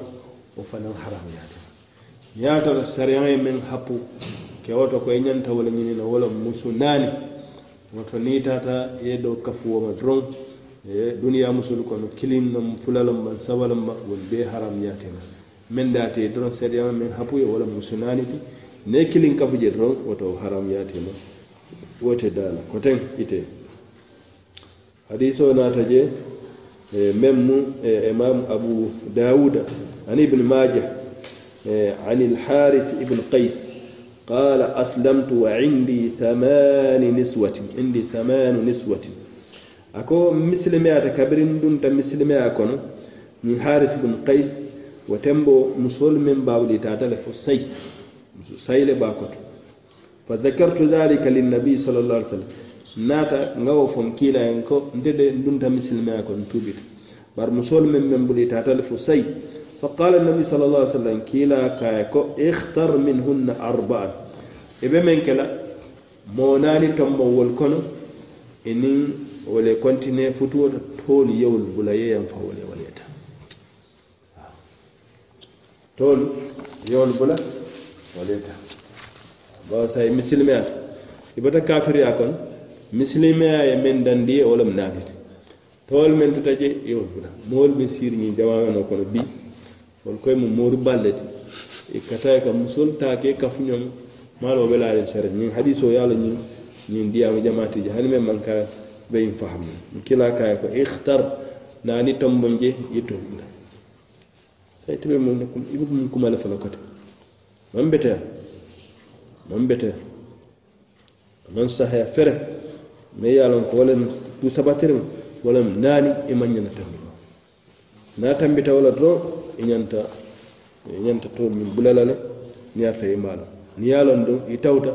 o fanan haram yata yatara sariyaŋe meŋ hapu ke woto ko i ñanta wo le ñinina wo musu ni duniya musolu kono kilin nam fulalom ban sabalom ban wol be haram yatema men date doron sediyama men hapuye wala musunaniti ne kilin kafu je doron woto haram yatema wote dala koten ite hadiso nata je e, mu e, imam abu dauda an ibn majah e, an الحارث ibn qais قال أسلمت وعندي ثمان نسوة عندي ثمان نسوة ako misilimeyata kabirin dunta misilimeya kono ñiŋ haris bun kays wo tembo musolu meŋ baawulitaata le fo sayi muso sayi le baa koto fa dhakartu dhalika linnabiyi sal llah alih sallam naata nga wo fom kiilayen ko nte de dunta misilimeya kono tuubita bari musolu meŋ meŋ bulitaata le fo sayi فقال النبي صلى الله عليه وسلم كيلا كايكو اختر منهن أربعة إبه من كلا موناني تمو والكونو إنين wole kontine futuwota toolu yewol bula yeyan fa wale ta tol yewol bula wale waleta bawo sa misilimeyata ibata kafiriya kon misilimeya ye min dandiye wo lem naatete tol min tuta je yewol bula moolu be jama'a jamameno kono bi wol koye mu mori balle ti i e kataye ka musol taake kafuñom maalo wo be laalen sere ñiŋ hadiso ye a lo ñiŋ ñiŋ diyaama jamaati je hani me mankara bai fahimu fahamu kila kaya ko ikhtar ni tombonje yitobula sai tabe mun ko ibu mun kuma la fala kote man beta man beta man sahaya fere me yalon ko lam du sabatir wala nani e manyana tambo na tambita wala to inyanta inyanta e nyanta to min bulalale niyata e mala yalon do itawta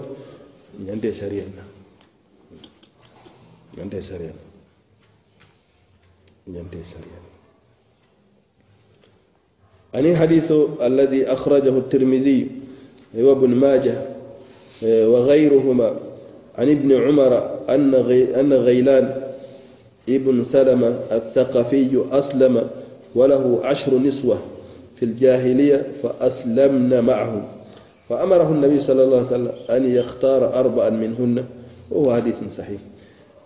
nyante shari'a ñante sariyal ñante sariyal ani hadithu alladhi akhrajahu tirmidhi wa ibn majah wa ghayruhuma عن ابن عمر أن أن غيلان ابن سلمة الثقفي أسلم وله عشر نسوة في الجاهلية فأسلمن معه فأمره النبي صلى الله عليه وسلم أن يختار أربعا منهن وهو حديث صحيح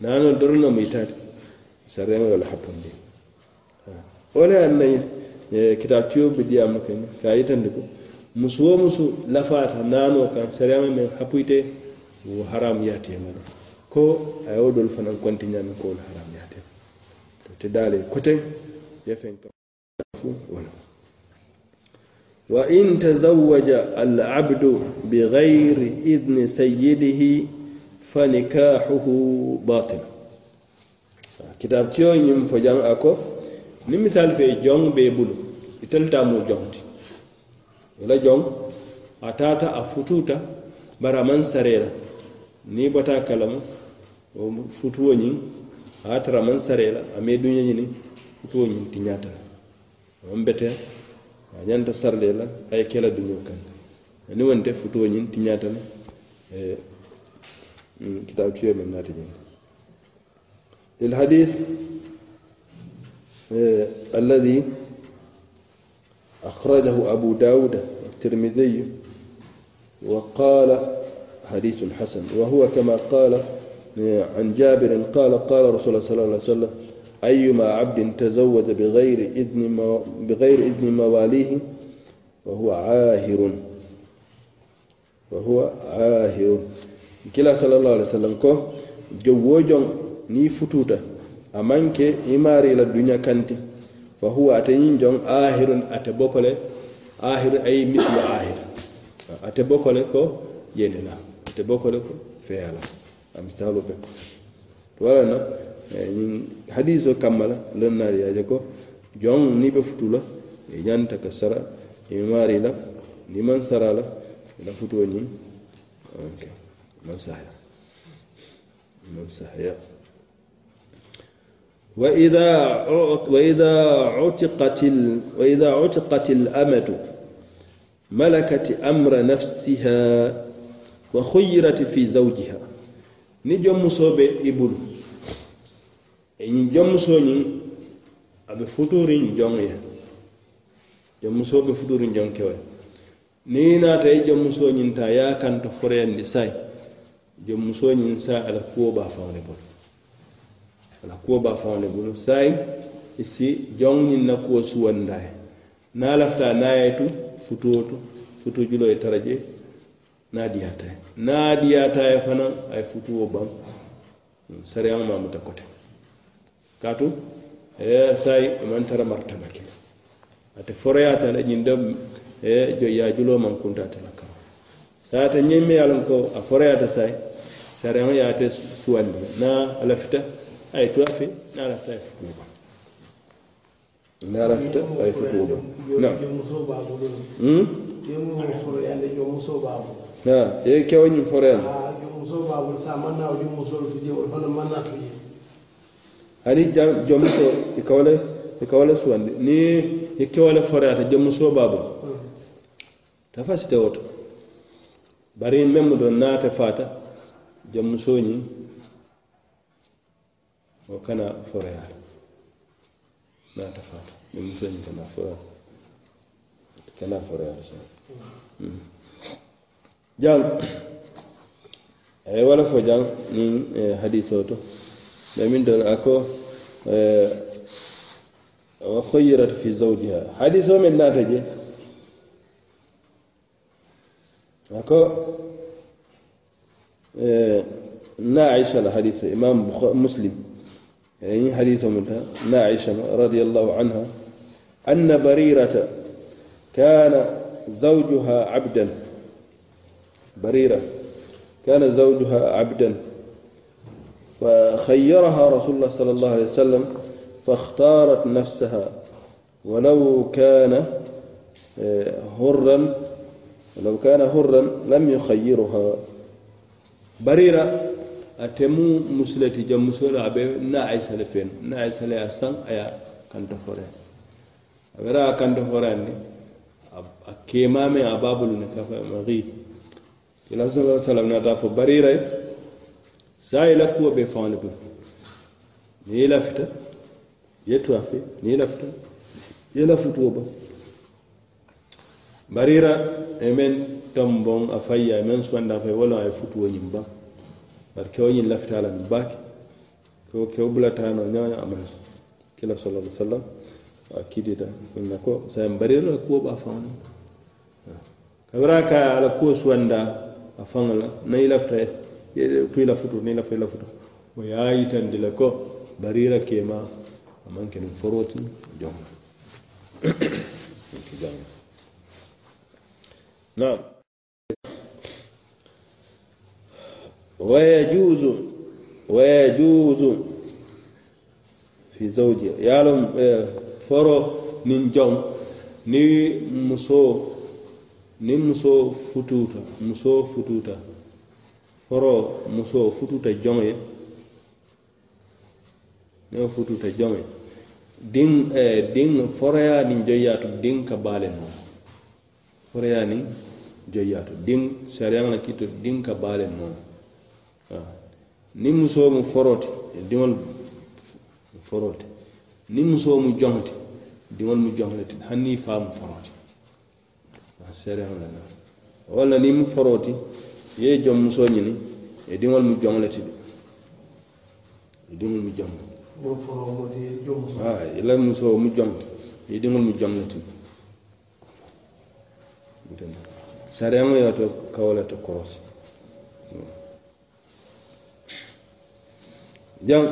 naano dorno mo itati sarema wala hapondi wala anna eh, kitab tiyo be diyamno ken ka yitande ko musu lafata nano kan sarema me hapuite wo haram yati ɗo ko a yawɗol fanan kontinyan ko haram yati to te dale kote yefen kam wala wa in tazawwaja al abdu bi idni sayyidihi fanikahuhu batil kitabtiyo ñiŋ fo jaŋ a ko ni misal fe Jong be bulu itelu taa mu Jong ti wo la joŋ a taata a futuuta bari a maŋ saree la bota a kalama wo futuwo ñiŋ a ye tara a maŋ i duña ñiniŋ futuwo ñiŋ ti la a maŋ bete a ñanta sarle la a ye ke la duñoo kaŋ aniŋ wonte futuwo ñiŋ tiñaata كتاب تيوي من ناتجين الحديث آه، الذي أخرجه أبو داود الترمذي وقال حديث حسن وهو كما قال آه، عن جابر قال قال رسول الله صلى الله عليه وسلم أيما عبد تزوج بغير إذن بغير إذن مواليه وهو عاهر وهو عاهر kila sallallahu alaihi wasallam ko jo wojon ni fututa amanke imari la dunya kanti fa huwa atayin jon ahirun ate bokole ahir ay mislu ahir ate bokole ko yelena ate bokole ko feyala amsalu be to wala na e, nin hadiso kamala lonnaari yaaje ko jon ni be futula e ñanta ka sara imari la ni man sara la ina futo ñin okay. وإذا وإذا عتقت وإذا عتقت الأمة ملكت أمر نفسها وخيرت في زوجها نجم مصوب إبل نجم مصوني أبي فطور نجم jom musoo فطور fudurin jom kewe ni naata i jom musoo ñinta jom ñiŋ saa a la kuwo be a faŋo le bulu a la kuwo be a faŋo le bulu saayiŋ i si joŋ ñiŋ na kuwo suwanda ye niŋ a lafita a naŋ ye tu futuo to futu julo ye tara je niŋ a diyaata ye niŋ a diyaata ye fanaŋ a ye futuo baŋ sariyaŋo maŋ muta kote kaatu saayi i maŋ tara maritama ke ate foroyaata le ñiŋ de joyyaa juloo maŋ kuntaata la kaŋ saata ñiŋ me ye a loŋ ko a foroyaata saayi sarama yaate suwandi na alafita ay tuwa fe na alafita ay futuwo ba na alafita ay futuwo ba non hum na ye kewo ñum foreyan ani jomuso i kawale i kawale suwandi ni i kewale foreyata jomuso babu hmm. ta fasite woto bari memmu do naate faata jammusoo ñiŋ kana foroyaa le kana foroyaa kana foroyaa le saa hmm. a eh, ye wala fo jaŋ ni eh, hadisoo to da ko eh, wa khuyyirat fi zawjiha hadiso meŋ naata je a ko ناعشة الحديث إمام مسلم يعني حديث منها ناعشة رضي الله عنها أن بريرة كان زوجها عبدا بريرة كان زوجها عبدا فخيرها رسول الله صلى الله عليه وسلم فاختارت نفسها ولو كان آه، هرا ولو كان هرا لم يخيرها barira a temu musulati jam musulati abe na ay sale fen na ay sale a sang aya kanta fore abera a kanta fore ani a kema me a babulu ne kafa magi ila sallallahu alaihi wasallam na fo barira e, sai la ko be fawne be ni la fita ye to afi ni la fita ye la futu ba barira amen e ton bon a fayya men sumanda fay wala lafita kila sallallahu alaihi wasallam a ko ba ka ala a lafita o ko barira a wayajuzu wayajuzu fi zawji yalom e, foro nin jom ni muso ni muso fututa muso fututa foro muso fututa jom ye ne fututa jom ye din eh, din foroya ni joyatu din ka balen no foroya ni joyatu din sariyaŋ na kitu din ka balen mo ni musoo mu forote diŋol forote ni musoo mu joŋote diŋol mu joŋote hani niŋ faa mu forote seerehamlana walla niŋ mu forooti ye jom musoo ñini e diŋol e mu joŋ le ti de e diŋol mu joŋ e ila musoo mu joŋte ye diŋol mu joŋ le ti de sariyaŋo yeto kawole to korosi jam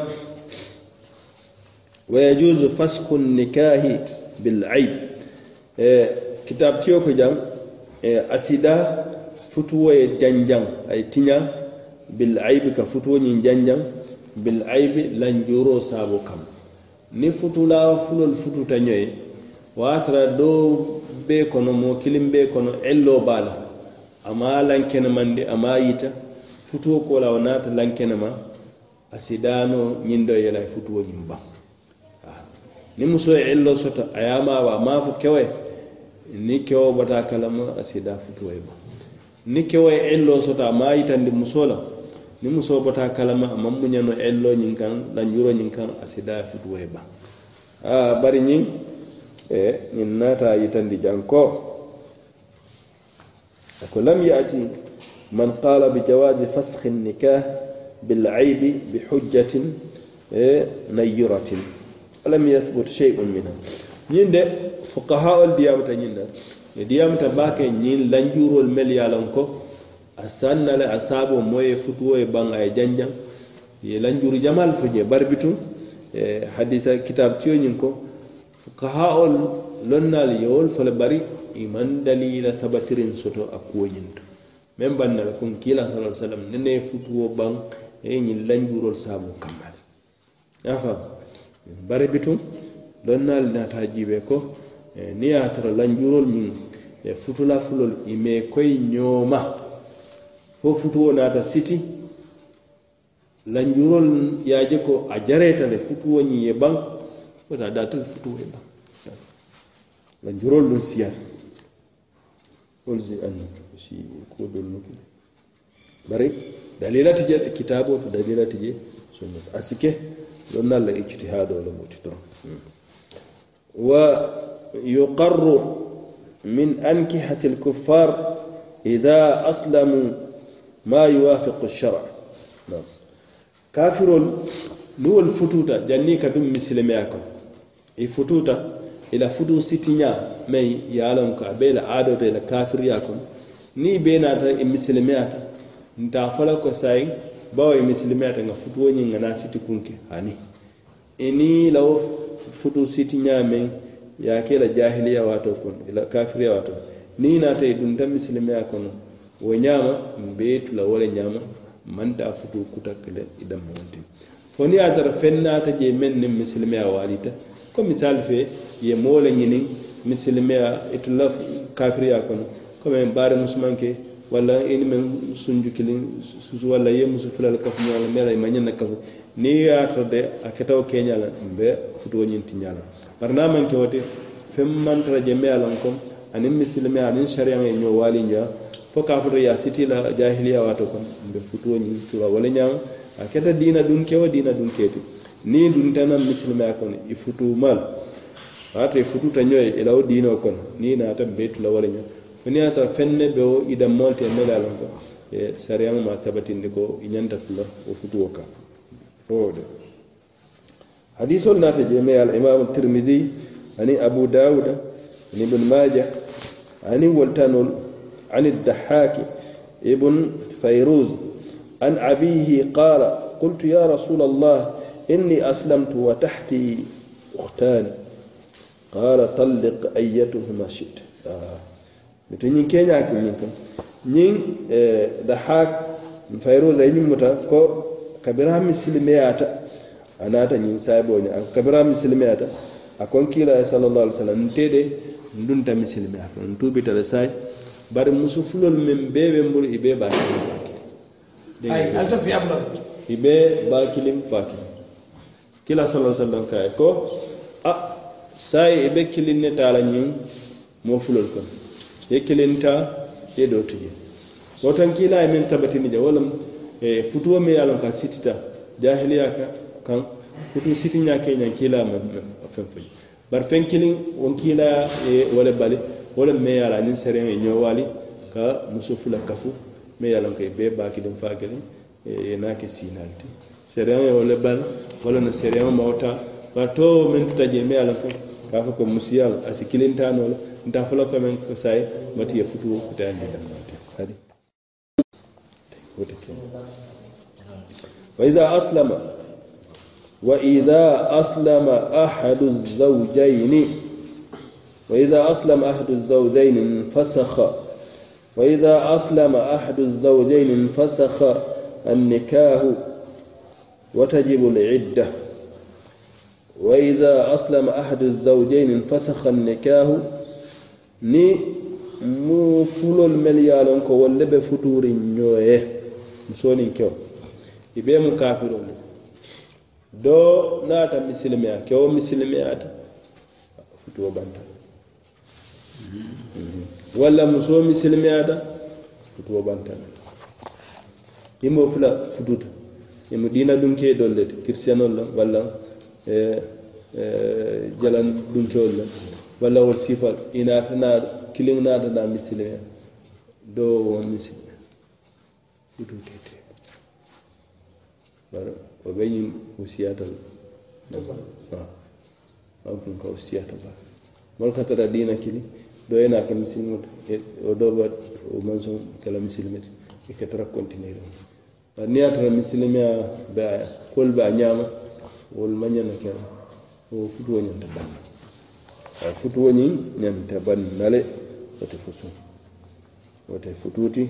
wa yajuse fasku nikahi bil aib e kitab tiyo ko jam e asida futuwo e janjang ay tiña bil aibi ka futuwoñin janjang bil aibi lanjuro saabu kam ni futulawa fulol fututa ñoye watara do be kono mo kilim be kono ello bala ama lankene mandi ama yita futuwo kolawa naata lankene ma a sidano ñindo e yela futuwojin ba ni muso e illo sota a yamawa mafo kewe ni kewo bata kalama a sida futuwoye ba ni kewo e illo sota ma yitandi muso la ni muso bata kalama a mammuñano illo ñin kan lanjuro ñin kan a sida futuwoye ba a bari ñin e ñin nata yitandi janko ako lam yati man qala bi jawazi faskhi nikah bilaibi bihujjatin e nayyuratin alam yathbut sheyun minha ñin de fukaha ol diyamata ñin na e diyamata mbake ñin lanjurol mel yalon ko a sannale a saabo moye futuwo e ban aye janjang ye lanjuru jamal foje barbitum e hadita kitab tiyo ñin ko fukaha ol lonnal yewol fole bari iman dalila sabatirin soto a kuwoñinto men bannala kon kila sa sallam nene futuwo ban e ñiŋ lanjuurol saamoo kamma le ye a faamu bari bitum loŋ naalu naata jiibe ko e, niŋ ye a tara lanjuurol ñiŋ e, futula fulol i mee koyi ñooma fo futuwo naata siti lanjuurol ye a je ko a jareeta le futuwo ñiŋ ye baŋ da ta daata le futuwo ye baŋ lanjuurol luŋ siyaata wolsi annu si ko doolu nuku bari dalilati je kitabo to dalilati je sunna asike don nalla ijtihado la muti to wa yuqarru min ankihati al-kuffar idha aslamu ma yuwafiqu ash-shar' kafirul nuwol fututa janni ka dum misilameya ko i fututa ila futu sitiña mai ye a lon ko a be la aado to ila kafiriya kono ni be naata i misilameyata nta fola ko sayi bawo ye misilimeyata nga futuwo ñiŋ ŋana siti kunke ani ini lawo futu siti nyame ya a ke la jahiliya waato kono ila kafiriya waato niŋ naata ye dunta misilimeya kono wo ñaama mbee tula wo le ñaama manta futu kuta kele i damawonti fo niŋ a tara fenna ta je meŋ niŋ misilimeya walita ko misal fe ye mole moo le ñiniŋ misilimeya itula kafiriya kono men bare musumaŋ ke wala ini men sunju kiliŋ susu wala ye musu fula le kafu ñaa la mee la ima ñaŋ na kafu ni ya a tara de a ketawo keeña la mbe futuo ñiŋ ti ñaa parna bari niŋ a maŋ ke wo ti feŋ maŋ tara je mee a loŋ ko aniŋ misilimeya aniŋ sariyaŋ ye ñoo waali ñaa fo ka a foto siti la jahiliya waato kono mbe futuo ñiŋ tura walla ñaŋ a keta diina dunke wo diina dunke ti ni duntana misilimeya kono i futuu maal ate i fututa ñoye ila wo diinoo kono niŋ naata mbe tula walla ñaŋ fo niŋ fenne a tara feŋ ne be wo idammoolu te me le a loŋ ko sariyaŋo maa sabatindi ko i ñanta fula wo futuwo kaŋ fo wo de al imamu tirmidi aniŋ abu dawuda ani ibn maja ani waltanul ani الضحاك ibn fayruz an abihi قال قلت يا رسول الله إني أسلمت وتحتي أختان قال طلق أيتهما شئت آه. to ñing keñakim ñing kam ñing e, da haak fay rosa e ñum muta ko kabira misilimeyata anata ñing sayboñi a kabira misilimeyata a kon kila e sallallahu alaihi wasallam ntede ndunta misilimeya ko n tuubitala say bari musu fulol min beɓe mbur i ɓe bakilim fakilialtafiyablo i ɓe bakilim fakilim kila sallallahu alaihi wasallam kay ko a ah, say i ɓe kilinne tala ñing mo fulol kono ye kilinta ye dotuje wotan kila ye min tabatinija walam e futuwo me ye lon ka sitita jahiliya ka kan futu ya kai yan kila ma barfen kilin won kila ye bali wole mai yara nin nin sereŋ ye wali ka musu fula kafu mai ye lon ka ye bee baakidin fa kelen ye e, ke sinalti sereŋo ye wale bali wala na sereŋo mawta bari to min tutaje mai me ye lon fo ka fo ko musiyal asi kilintanoo nta fo la kamen ko saye mati ye futuo futayandi dammante hadi وإذا أسلم وإذا أسلم أحد الزوجين وإذا أسلم أحد الزوجين فسخ وإذا أسلم أحد الزوجين انفسخ النكاه وتجب العدة وإذا أسلم أحد الزوجين انفسخ النكاه ni mu fulol mel yaalon ko wolle be futuri ñoye musonin kew i be mu kafirole do naata misilimeya kewo misilimeyata futuo banta mm-hmm. walla muso misilimeyata futuo banta imo fula fututa imo dina dunke dollete christianol la walla eh, eh, jalan dunkeol la wala wol sifal inaata naata kiliŋ naata daa misilimeya doo won misilime futu kete bari e, o be ñiŋ usiyata la a kun ka usiyata ba moolu ka tara diina kili doo ye naa ke misilimo o doo ba o maŋ soŋ e ke la misilime ti i ka tara kontinueri bari niŋ ye tara misilimeya be a koolu be a ñaama wolu ma ñana ke la o futuo ñanta banna futu woni ñanta ban nale wote futu wote fututi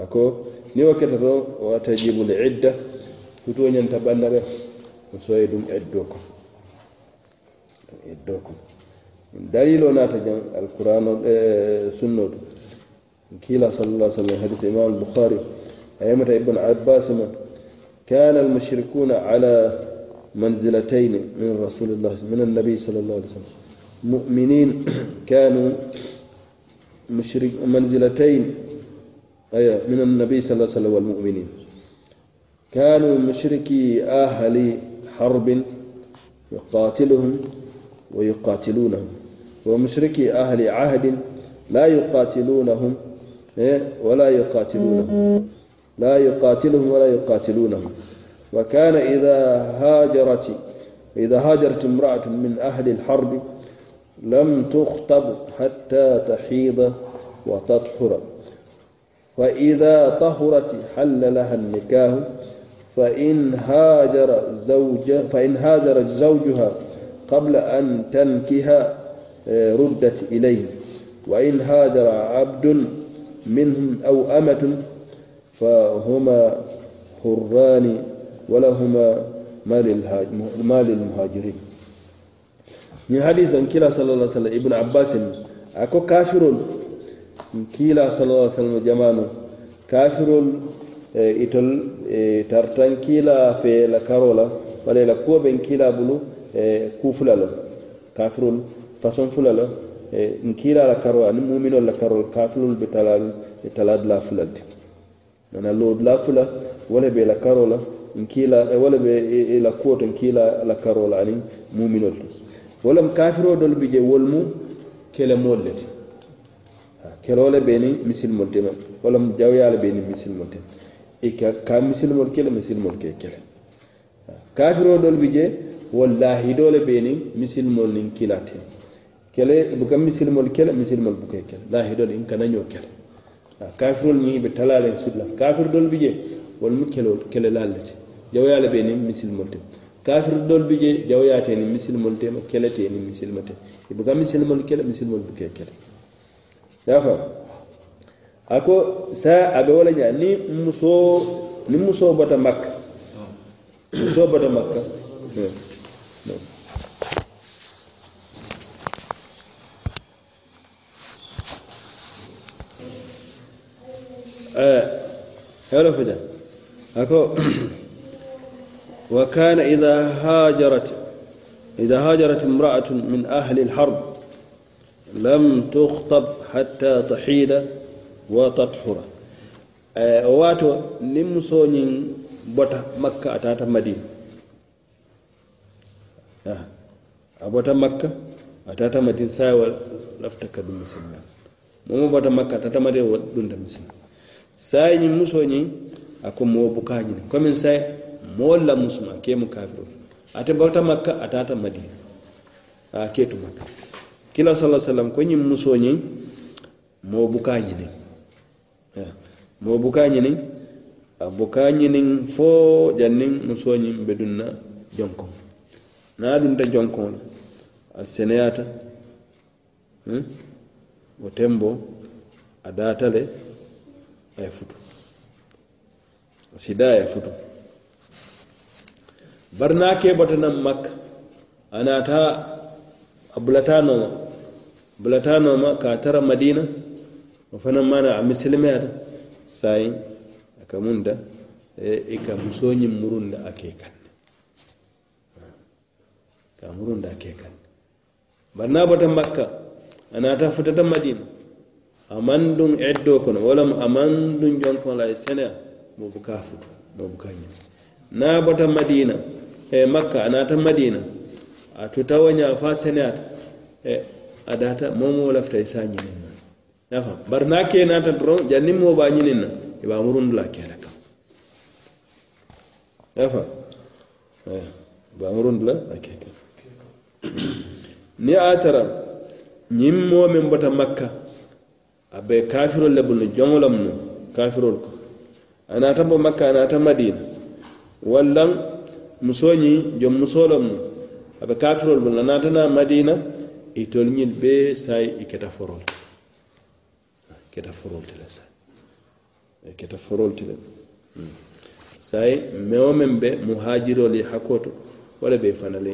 ako ni wo keta to watajibu le idda futu wo ñanta ban nale o soye ɗum eddo ko eddo ko dalil o naata jan alquran o e sunno to kiila salalah sallam hadith imam albouxari a yamata ibne abbas man kana almushrikuna ala منزلتين من رسول الله من النبي صلى الله عليه وسلم مؤمنين كانوا مشرك منزلتين أي من النبي صلى الله عليه وسلم والمؤمنين كانوا مشركي أهل حرب يقاتلهم ويقاتلونهم ومشركي أهل عهد لا يقاتلونهم إيه؟ ولا يقاتلونهم لا يقاتلهم ولا يقاتلونهم وكان إذا هاجرت إذا هاجرت امرأة من أهل الحرب لم تخطب حتى تحيض وتطهر فإذا طهرت حل لها النكاح فإن هاجر زوجها فإن هاجر زوجها قبل أن تنكها آه، ردت إليه وإن هاجر عبد منهم أو أمة فهما حران ولهما ما للمهاجرين ni حديث كلا صلى الله عليه وسلم ابن عباس أكو كافر كلا صلى الله عليه وسلم جمانه كافر itol eh, tartan kila fe eh, eh, la karola wala la kuwo ben kila bulu ku fula kafirul façon fula lo n la karo ani muminol la karol kafirul be talad la fulalti nana lood la fula wala be la kiila e wala ɓe e, e la kuwo to kiila la karola ani muminol to walla kafiro dol mbi je wol mu kele mollete kelole ɓeni misilmol tema walla jawyala ɓeni misilmol tema e ka misilmol kele misilmol ke kele kafiro dol mbi je wallahi dole ɓeni misilmol nin kilate kele buka misilmol kele misilmol buka kele lahi dole in kana nyo kele kafirol ni be talale sudla kafir dol bije wol mu kele kele lalete jawo ya labe ni misilmol te kafir dol bije jawo ya te ni misilmol te kele te ni misilmol te ibu ka misilmol kele misilmol bu kele yafa ako sa abe wala nya ni muso ni muso bata makka muso bata makka eh, hello fida ako وكان إذا هاجرت إذا هاجرت امرأة من أهل الحرب لم تخطب حتى تحيد وتطهر واتو نمسوني بوتا مكة أتاتا مدينة أبوتا مكة أتاتا مدينة سايوة لفتك دون سنة مو بوتا مكة أتاتا مدينة دون سنة ساي نمسوني أكون مو بكاجين ساي moolu musuma ke mu kafiro ate bawta makka atata madina a ketu makka kila sala sallam ko ñiŋ musoo ñiŋ moo buka ñiniŋ mo buka ñiniŋ a buka ñiniŋ fo janni musoo ñiŋ be jonko na jonkoŋ niŋ a dunta jonkoŋo a seneyata wo hmm? tembo a daata le a futu sida a futu bari naa kee bota naŋ makka a naata a bulataa nooma ka a tara madina o fanaŋ a sayi a e, e ka muŋ da i ka musoo ñiŋ murunda a ke ka murun murunda a ke Barna bata bari naa bota makka a naata madina a maŋ duŋ kuna wala a maŋ duŋ jonkoŋ la a ye seneya moo buka futu moo buka madina e makka anata madina a tawoña fa a e a data momo lafta isa ñininna yafam bari na ke na ta doron janin mo ba na i e ba murundula ya fa yafam e, ba la a ke kam ni a tara ñin mo min bata makka a be kafirol le bunu joŋolam nu a ko anata bo makka anata madina wallan musoo ñiŋ joŋ musoo loŋ a be kafirol bulu la naata naa madina itolu ñiŋ bee saayi i keta forol ti keta forol ti la sa keta forol ti le saayi meŋ meŋ be muhajirol ye hakkoo to wo le be i fana le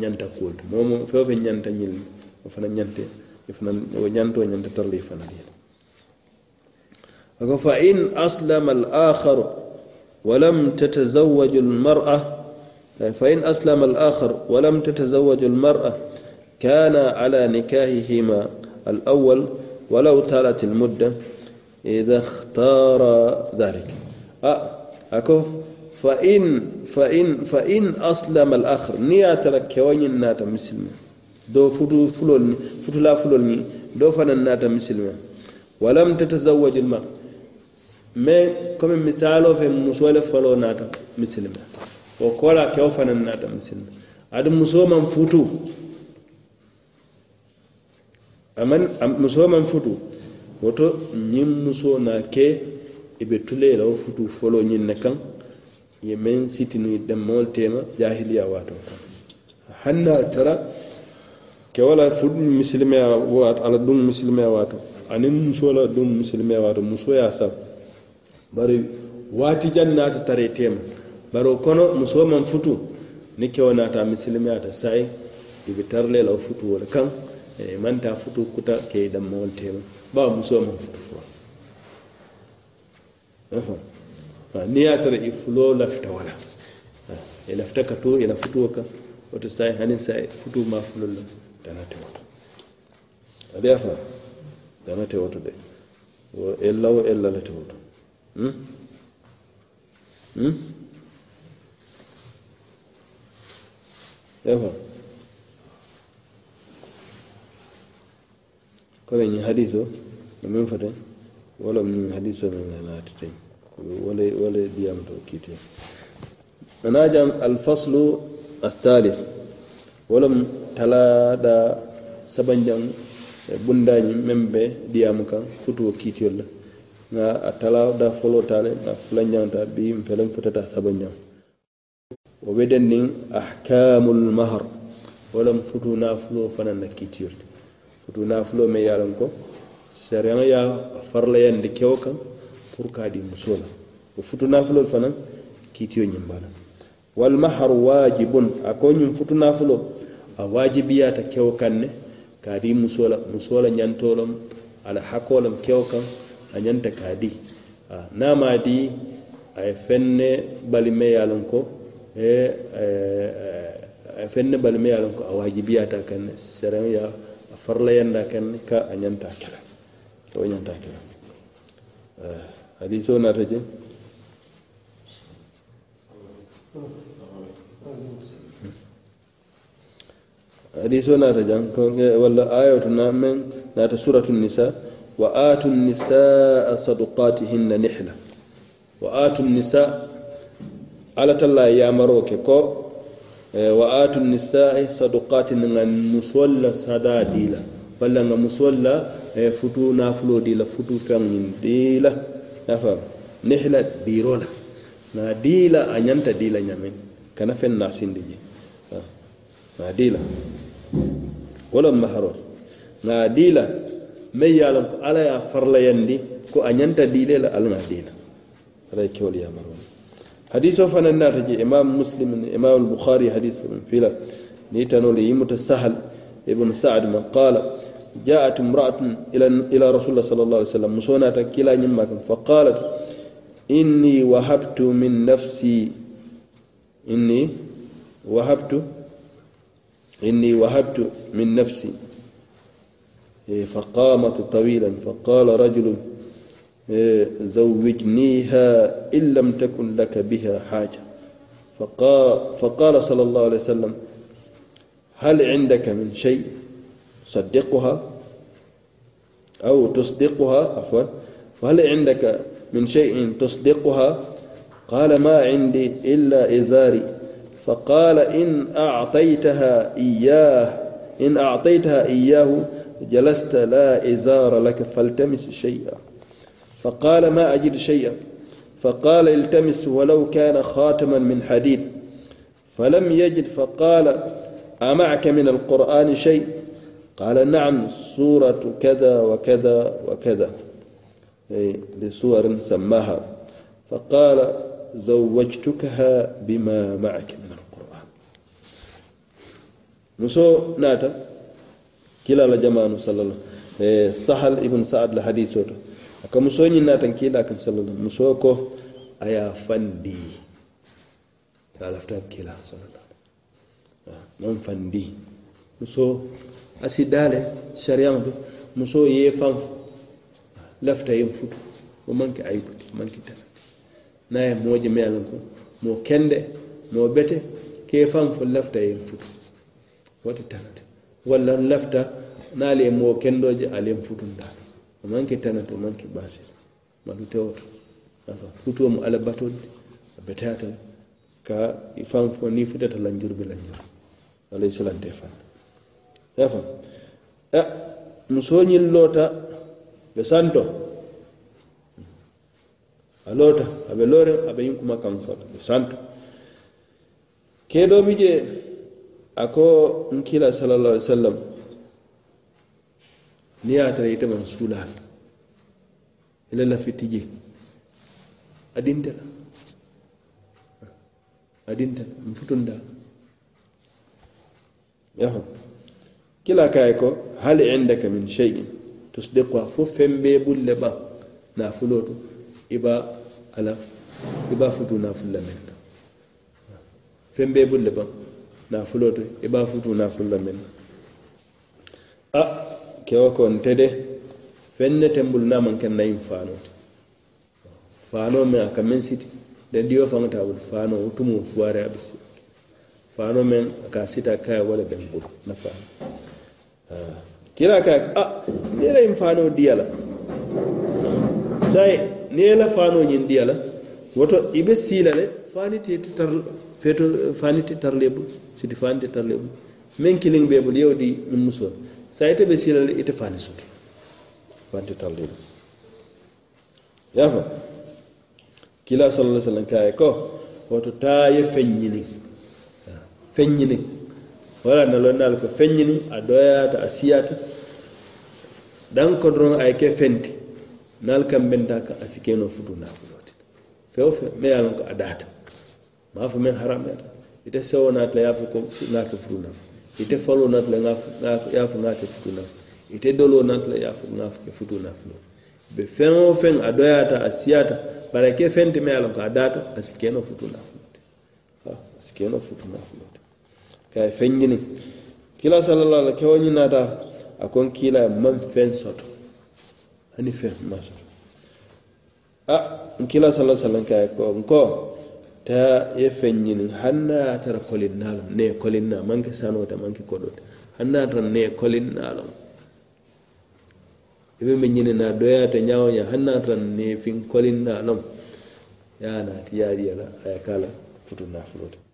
ñanta kuwol to moo mu feŋ feŋ ñanta ñiŋ le o fana ñante i fana o ñantoo ñanta tara le i fana le la ako fa in aslama al akharu ولم تتزوج المرأة فإن أسلم الآخر ولم تتزوج المرأة كان على نكاههما الأول ولو طالت المدة إذا اختار ذلك أه أكف فإن فإن فإن أسلم الآخر نية وين نات مسلم دو فتو فتو لا فلول دو فن نات مسلم ولم تتزوج المرأة ما كم مثال في مسؤول فلو نات مسلمه wa kora kyau fanaŋ naata misilima adin musoo futu aman musoo futu wato yin muso na ke i be tule da wo futu foloo ñiŋ ne kaŋ ye meŋ sitinu demmoolu teema jahiliya wato kono hanna tara ke wala musulmi misilimeya waato ala duŋ misilimeya waato aniŋ muso la duŋ musulmi waato wato muso ya sa bari wati janna ta tare tema baro kono musoo man futu ni kewo naata misilimeyata sayi i be tarle la wo futuwo le kaŋ eh, manta futu kuta ke i danmawol teema bawo musoo man futu fula ni ye tara i fuloo lafita wala i e lafita ka tu i e la futuwo kaŋ woto sayi hani sayi futu maa fulol le danate woto ade a fa danate woto de wo ella wo ella le te woto hmm? hmm? yawa kawai yin hadiso da min fatan wala min hadiso min gana eh, ta wale wala wala diya mu dauki tai ana jam al faslu al thalith wala talada bunda bundañi meŋ be diyaamu kaŋ futuo kiitiyol la na a tala da folo taa le a fulanjaŋ taa bii m feleŋ futata sabanjaŋ wo be den nin ahkamul mahar wala futu nafulo fana na kitiyol futu nafulo me yalan ko sariyan ya farlayandi kewo kan pour ka di muso la o futu nafulo fana kitiyo ñim bala wal mahar wajibun a ko ñim futu nafulo a wajibiyata kewo kan ne ka di muso la muso la ñantolam ala hakolam kewo kan a ñanta ka di a ma di a ye fenne balime yalan ko a e, e, e, fenne balme ya lon ko a ta kan seren ya a farla farlayanda kan ka a ñanta kela o ñanta kela hadiso nata je hadiso ta jan walla ayatu na men ta suratu nisa wa atu nisaa sadukatihinna nihla wa atu nisaa alla talla yamaro ke ko wa atu nisa'i sadukati nga musol la sada dila walla nga musol la futu nafulo dila futu feŋin dila afa nihla diro la na dila a ñanta dila ñamen kana feŋ na sindi je na dila wala maharo na dila meŋ ye a loŋ ko alla ko a dile la alla dila alla ye yamaro حديث fana naata je مسلم muslim البخاري حديث من فيلا min fila ni tanole yimuta sahal ibn sa'd جاءت امرأة إلى إلى رسول الله صلى الله عليه وسلم مسونة كلا نمكم فقالت إني وهبت من نفسي إني وهبت إني وهبت من نفسي إيه، فقامت طويلا فقال رجل زوجنيها إن لم تكن لك بها حاجة فقال, فقال صلى الله عليه وسلم هل عندك من شيء صدقها أو تصدقها عفوا وهل عندك من شيء تصدقها قال ما عندي إلا إزاري فقال إن أعطيتها إياه إن أعطيتها إياه جلست لا إزار لك فالتمس شيئا فقال ما أجد شيئا فقال التمس ولو كان خاتما من حديد فلم يجد فقال أمعك من القرآن شيء قال نعم سورة كذا وكذا وكذا أي لسور سماها فقال زوجتكها بما معك من القرآن نسو ناتا كلا لجمانو صلى الله عليه وسلم سهل ابن سعد لحديثه aka muso na tanke da kan salalam Muso ko aya fandi. Aya fandi a lafita kiila salalam man fandi muso asidale shari'a mu muso ye fam, lafta yin futu mu manki ke ayibu ti maŋ ke tana niŋ a ye moo ko kende mu bete ke fam fu lafta yin futu wata ti tana lafta walla lafita naŋ ale ye kendo je ale ye da amanke tana to manke basir malu tewoto afa futuwo mu ala batol betata ka ifan fo ni futata lanjur be lanjur alayhi salatu wa fan afa a eh, musoñil lota be santo a lota aɓe lore aɓe yin kuma kan fo be santo keɗoɓe je ako nkila sallallahu alaihi wasallam ni ya a tara ita ban sula la la lafiti jee adinta dinte la a dinte kila kai ko hal indaka min sheyin tusdiqu fu fembe bee bulu le baŋ naafuloo to i be a la futu na feŋ bee bulu le baŋ futu naafulu la a ah, kewo ko nte de fenne tembulu na man ken nayin fano fano men aka men siti den diyo fanga ta wul fano utumu fuare abisi fano men aka sita kaya wala ben bulu na fano ah, kira ka a ah, ni la yin fano diyala sai ni la fano nyin diyala woto ibe sila le fani te tar feto fani te tar lebu siti fani te tar lebu men kiling bebul bul yodi min musul sayite be sila le ite fani sutu fanti ya yafa kila sallallahu alaihi wasallam kaye ko woto taaye fenyini fenyini wala nalonnaal ko fenyini a ta a siyata dan ko doron ay ke fenti nal kam benta ka asikeno futu nafulote fewo fe me yalon ko a daata ma fo men haramyata ite sewo naata yaafo ko naata futu nafu ite falo natla ya fu ngate futu na ite dolo natla ya fu ngaf ke futu na fu be fen o fen adoyata asiyata bara ke fen te me alon ka data asikeno futu na fu ha asikeno futu na fu ka e fen ni? kila sallallahu alaihi wa sallam nata akon kila man fen soto ani fen masoto a kila sallallahu alaihi wa sallam ka e ko ta ye feññini hanna tara kolinnalom ne kolinna manke sanote manke kodote hanna tara ne kolinnalom ibe me ñini na doyate ñawoña hanna tara ne fin kolinnalom yanati yaariyala aya kala futu nafulote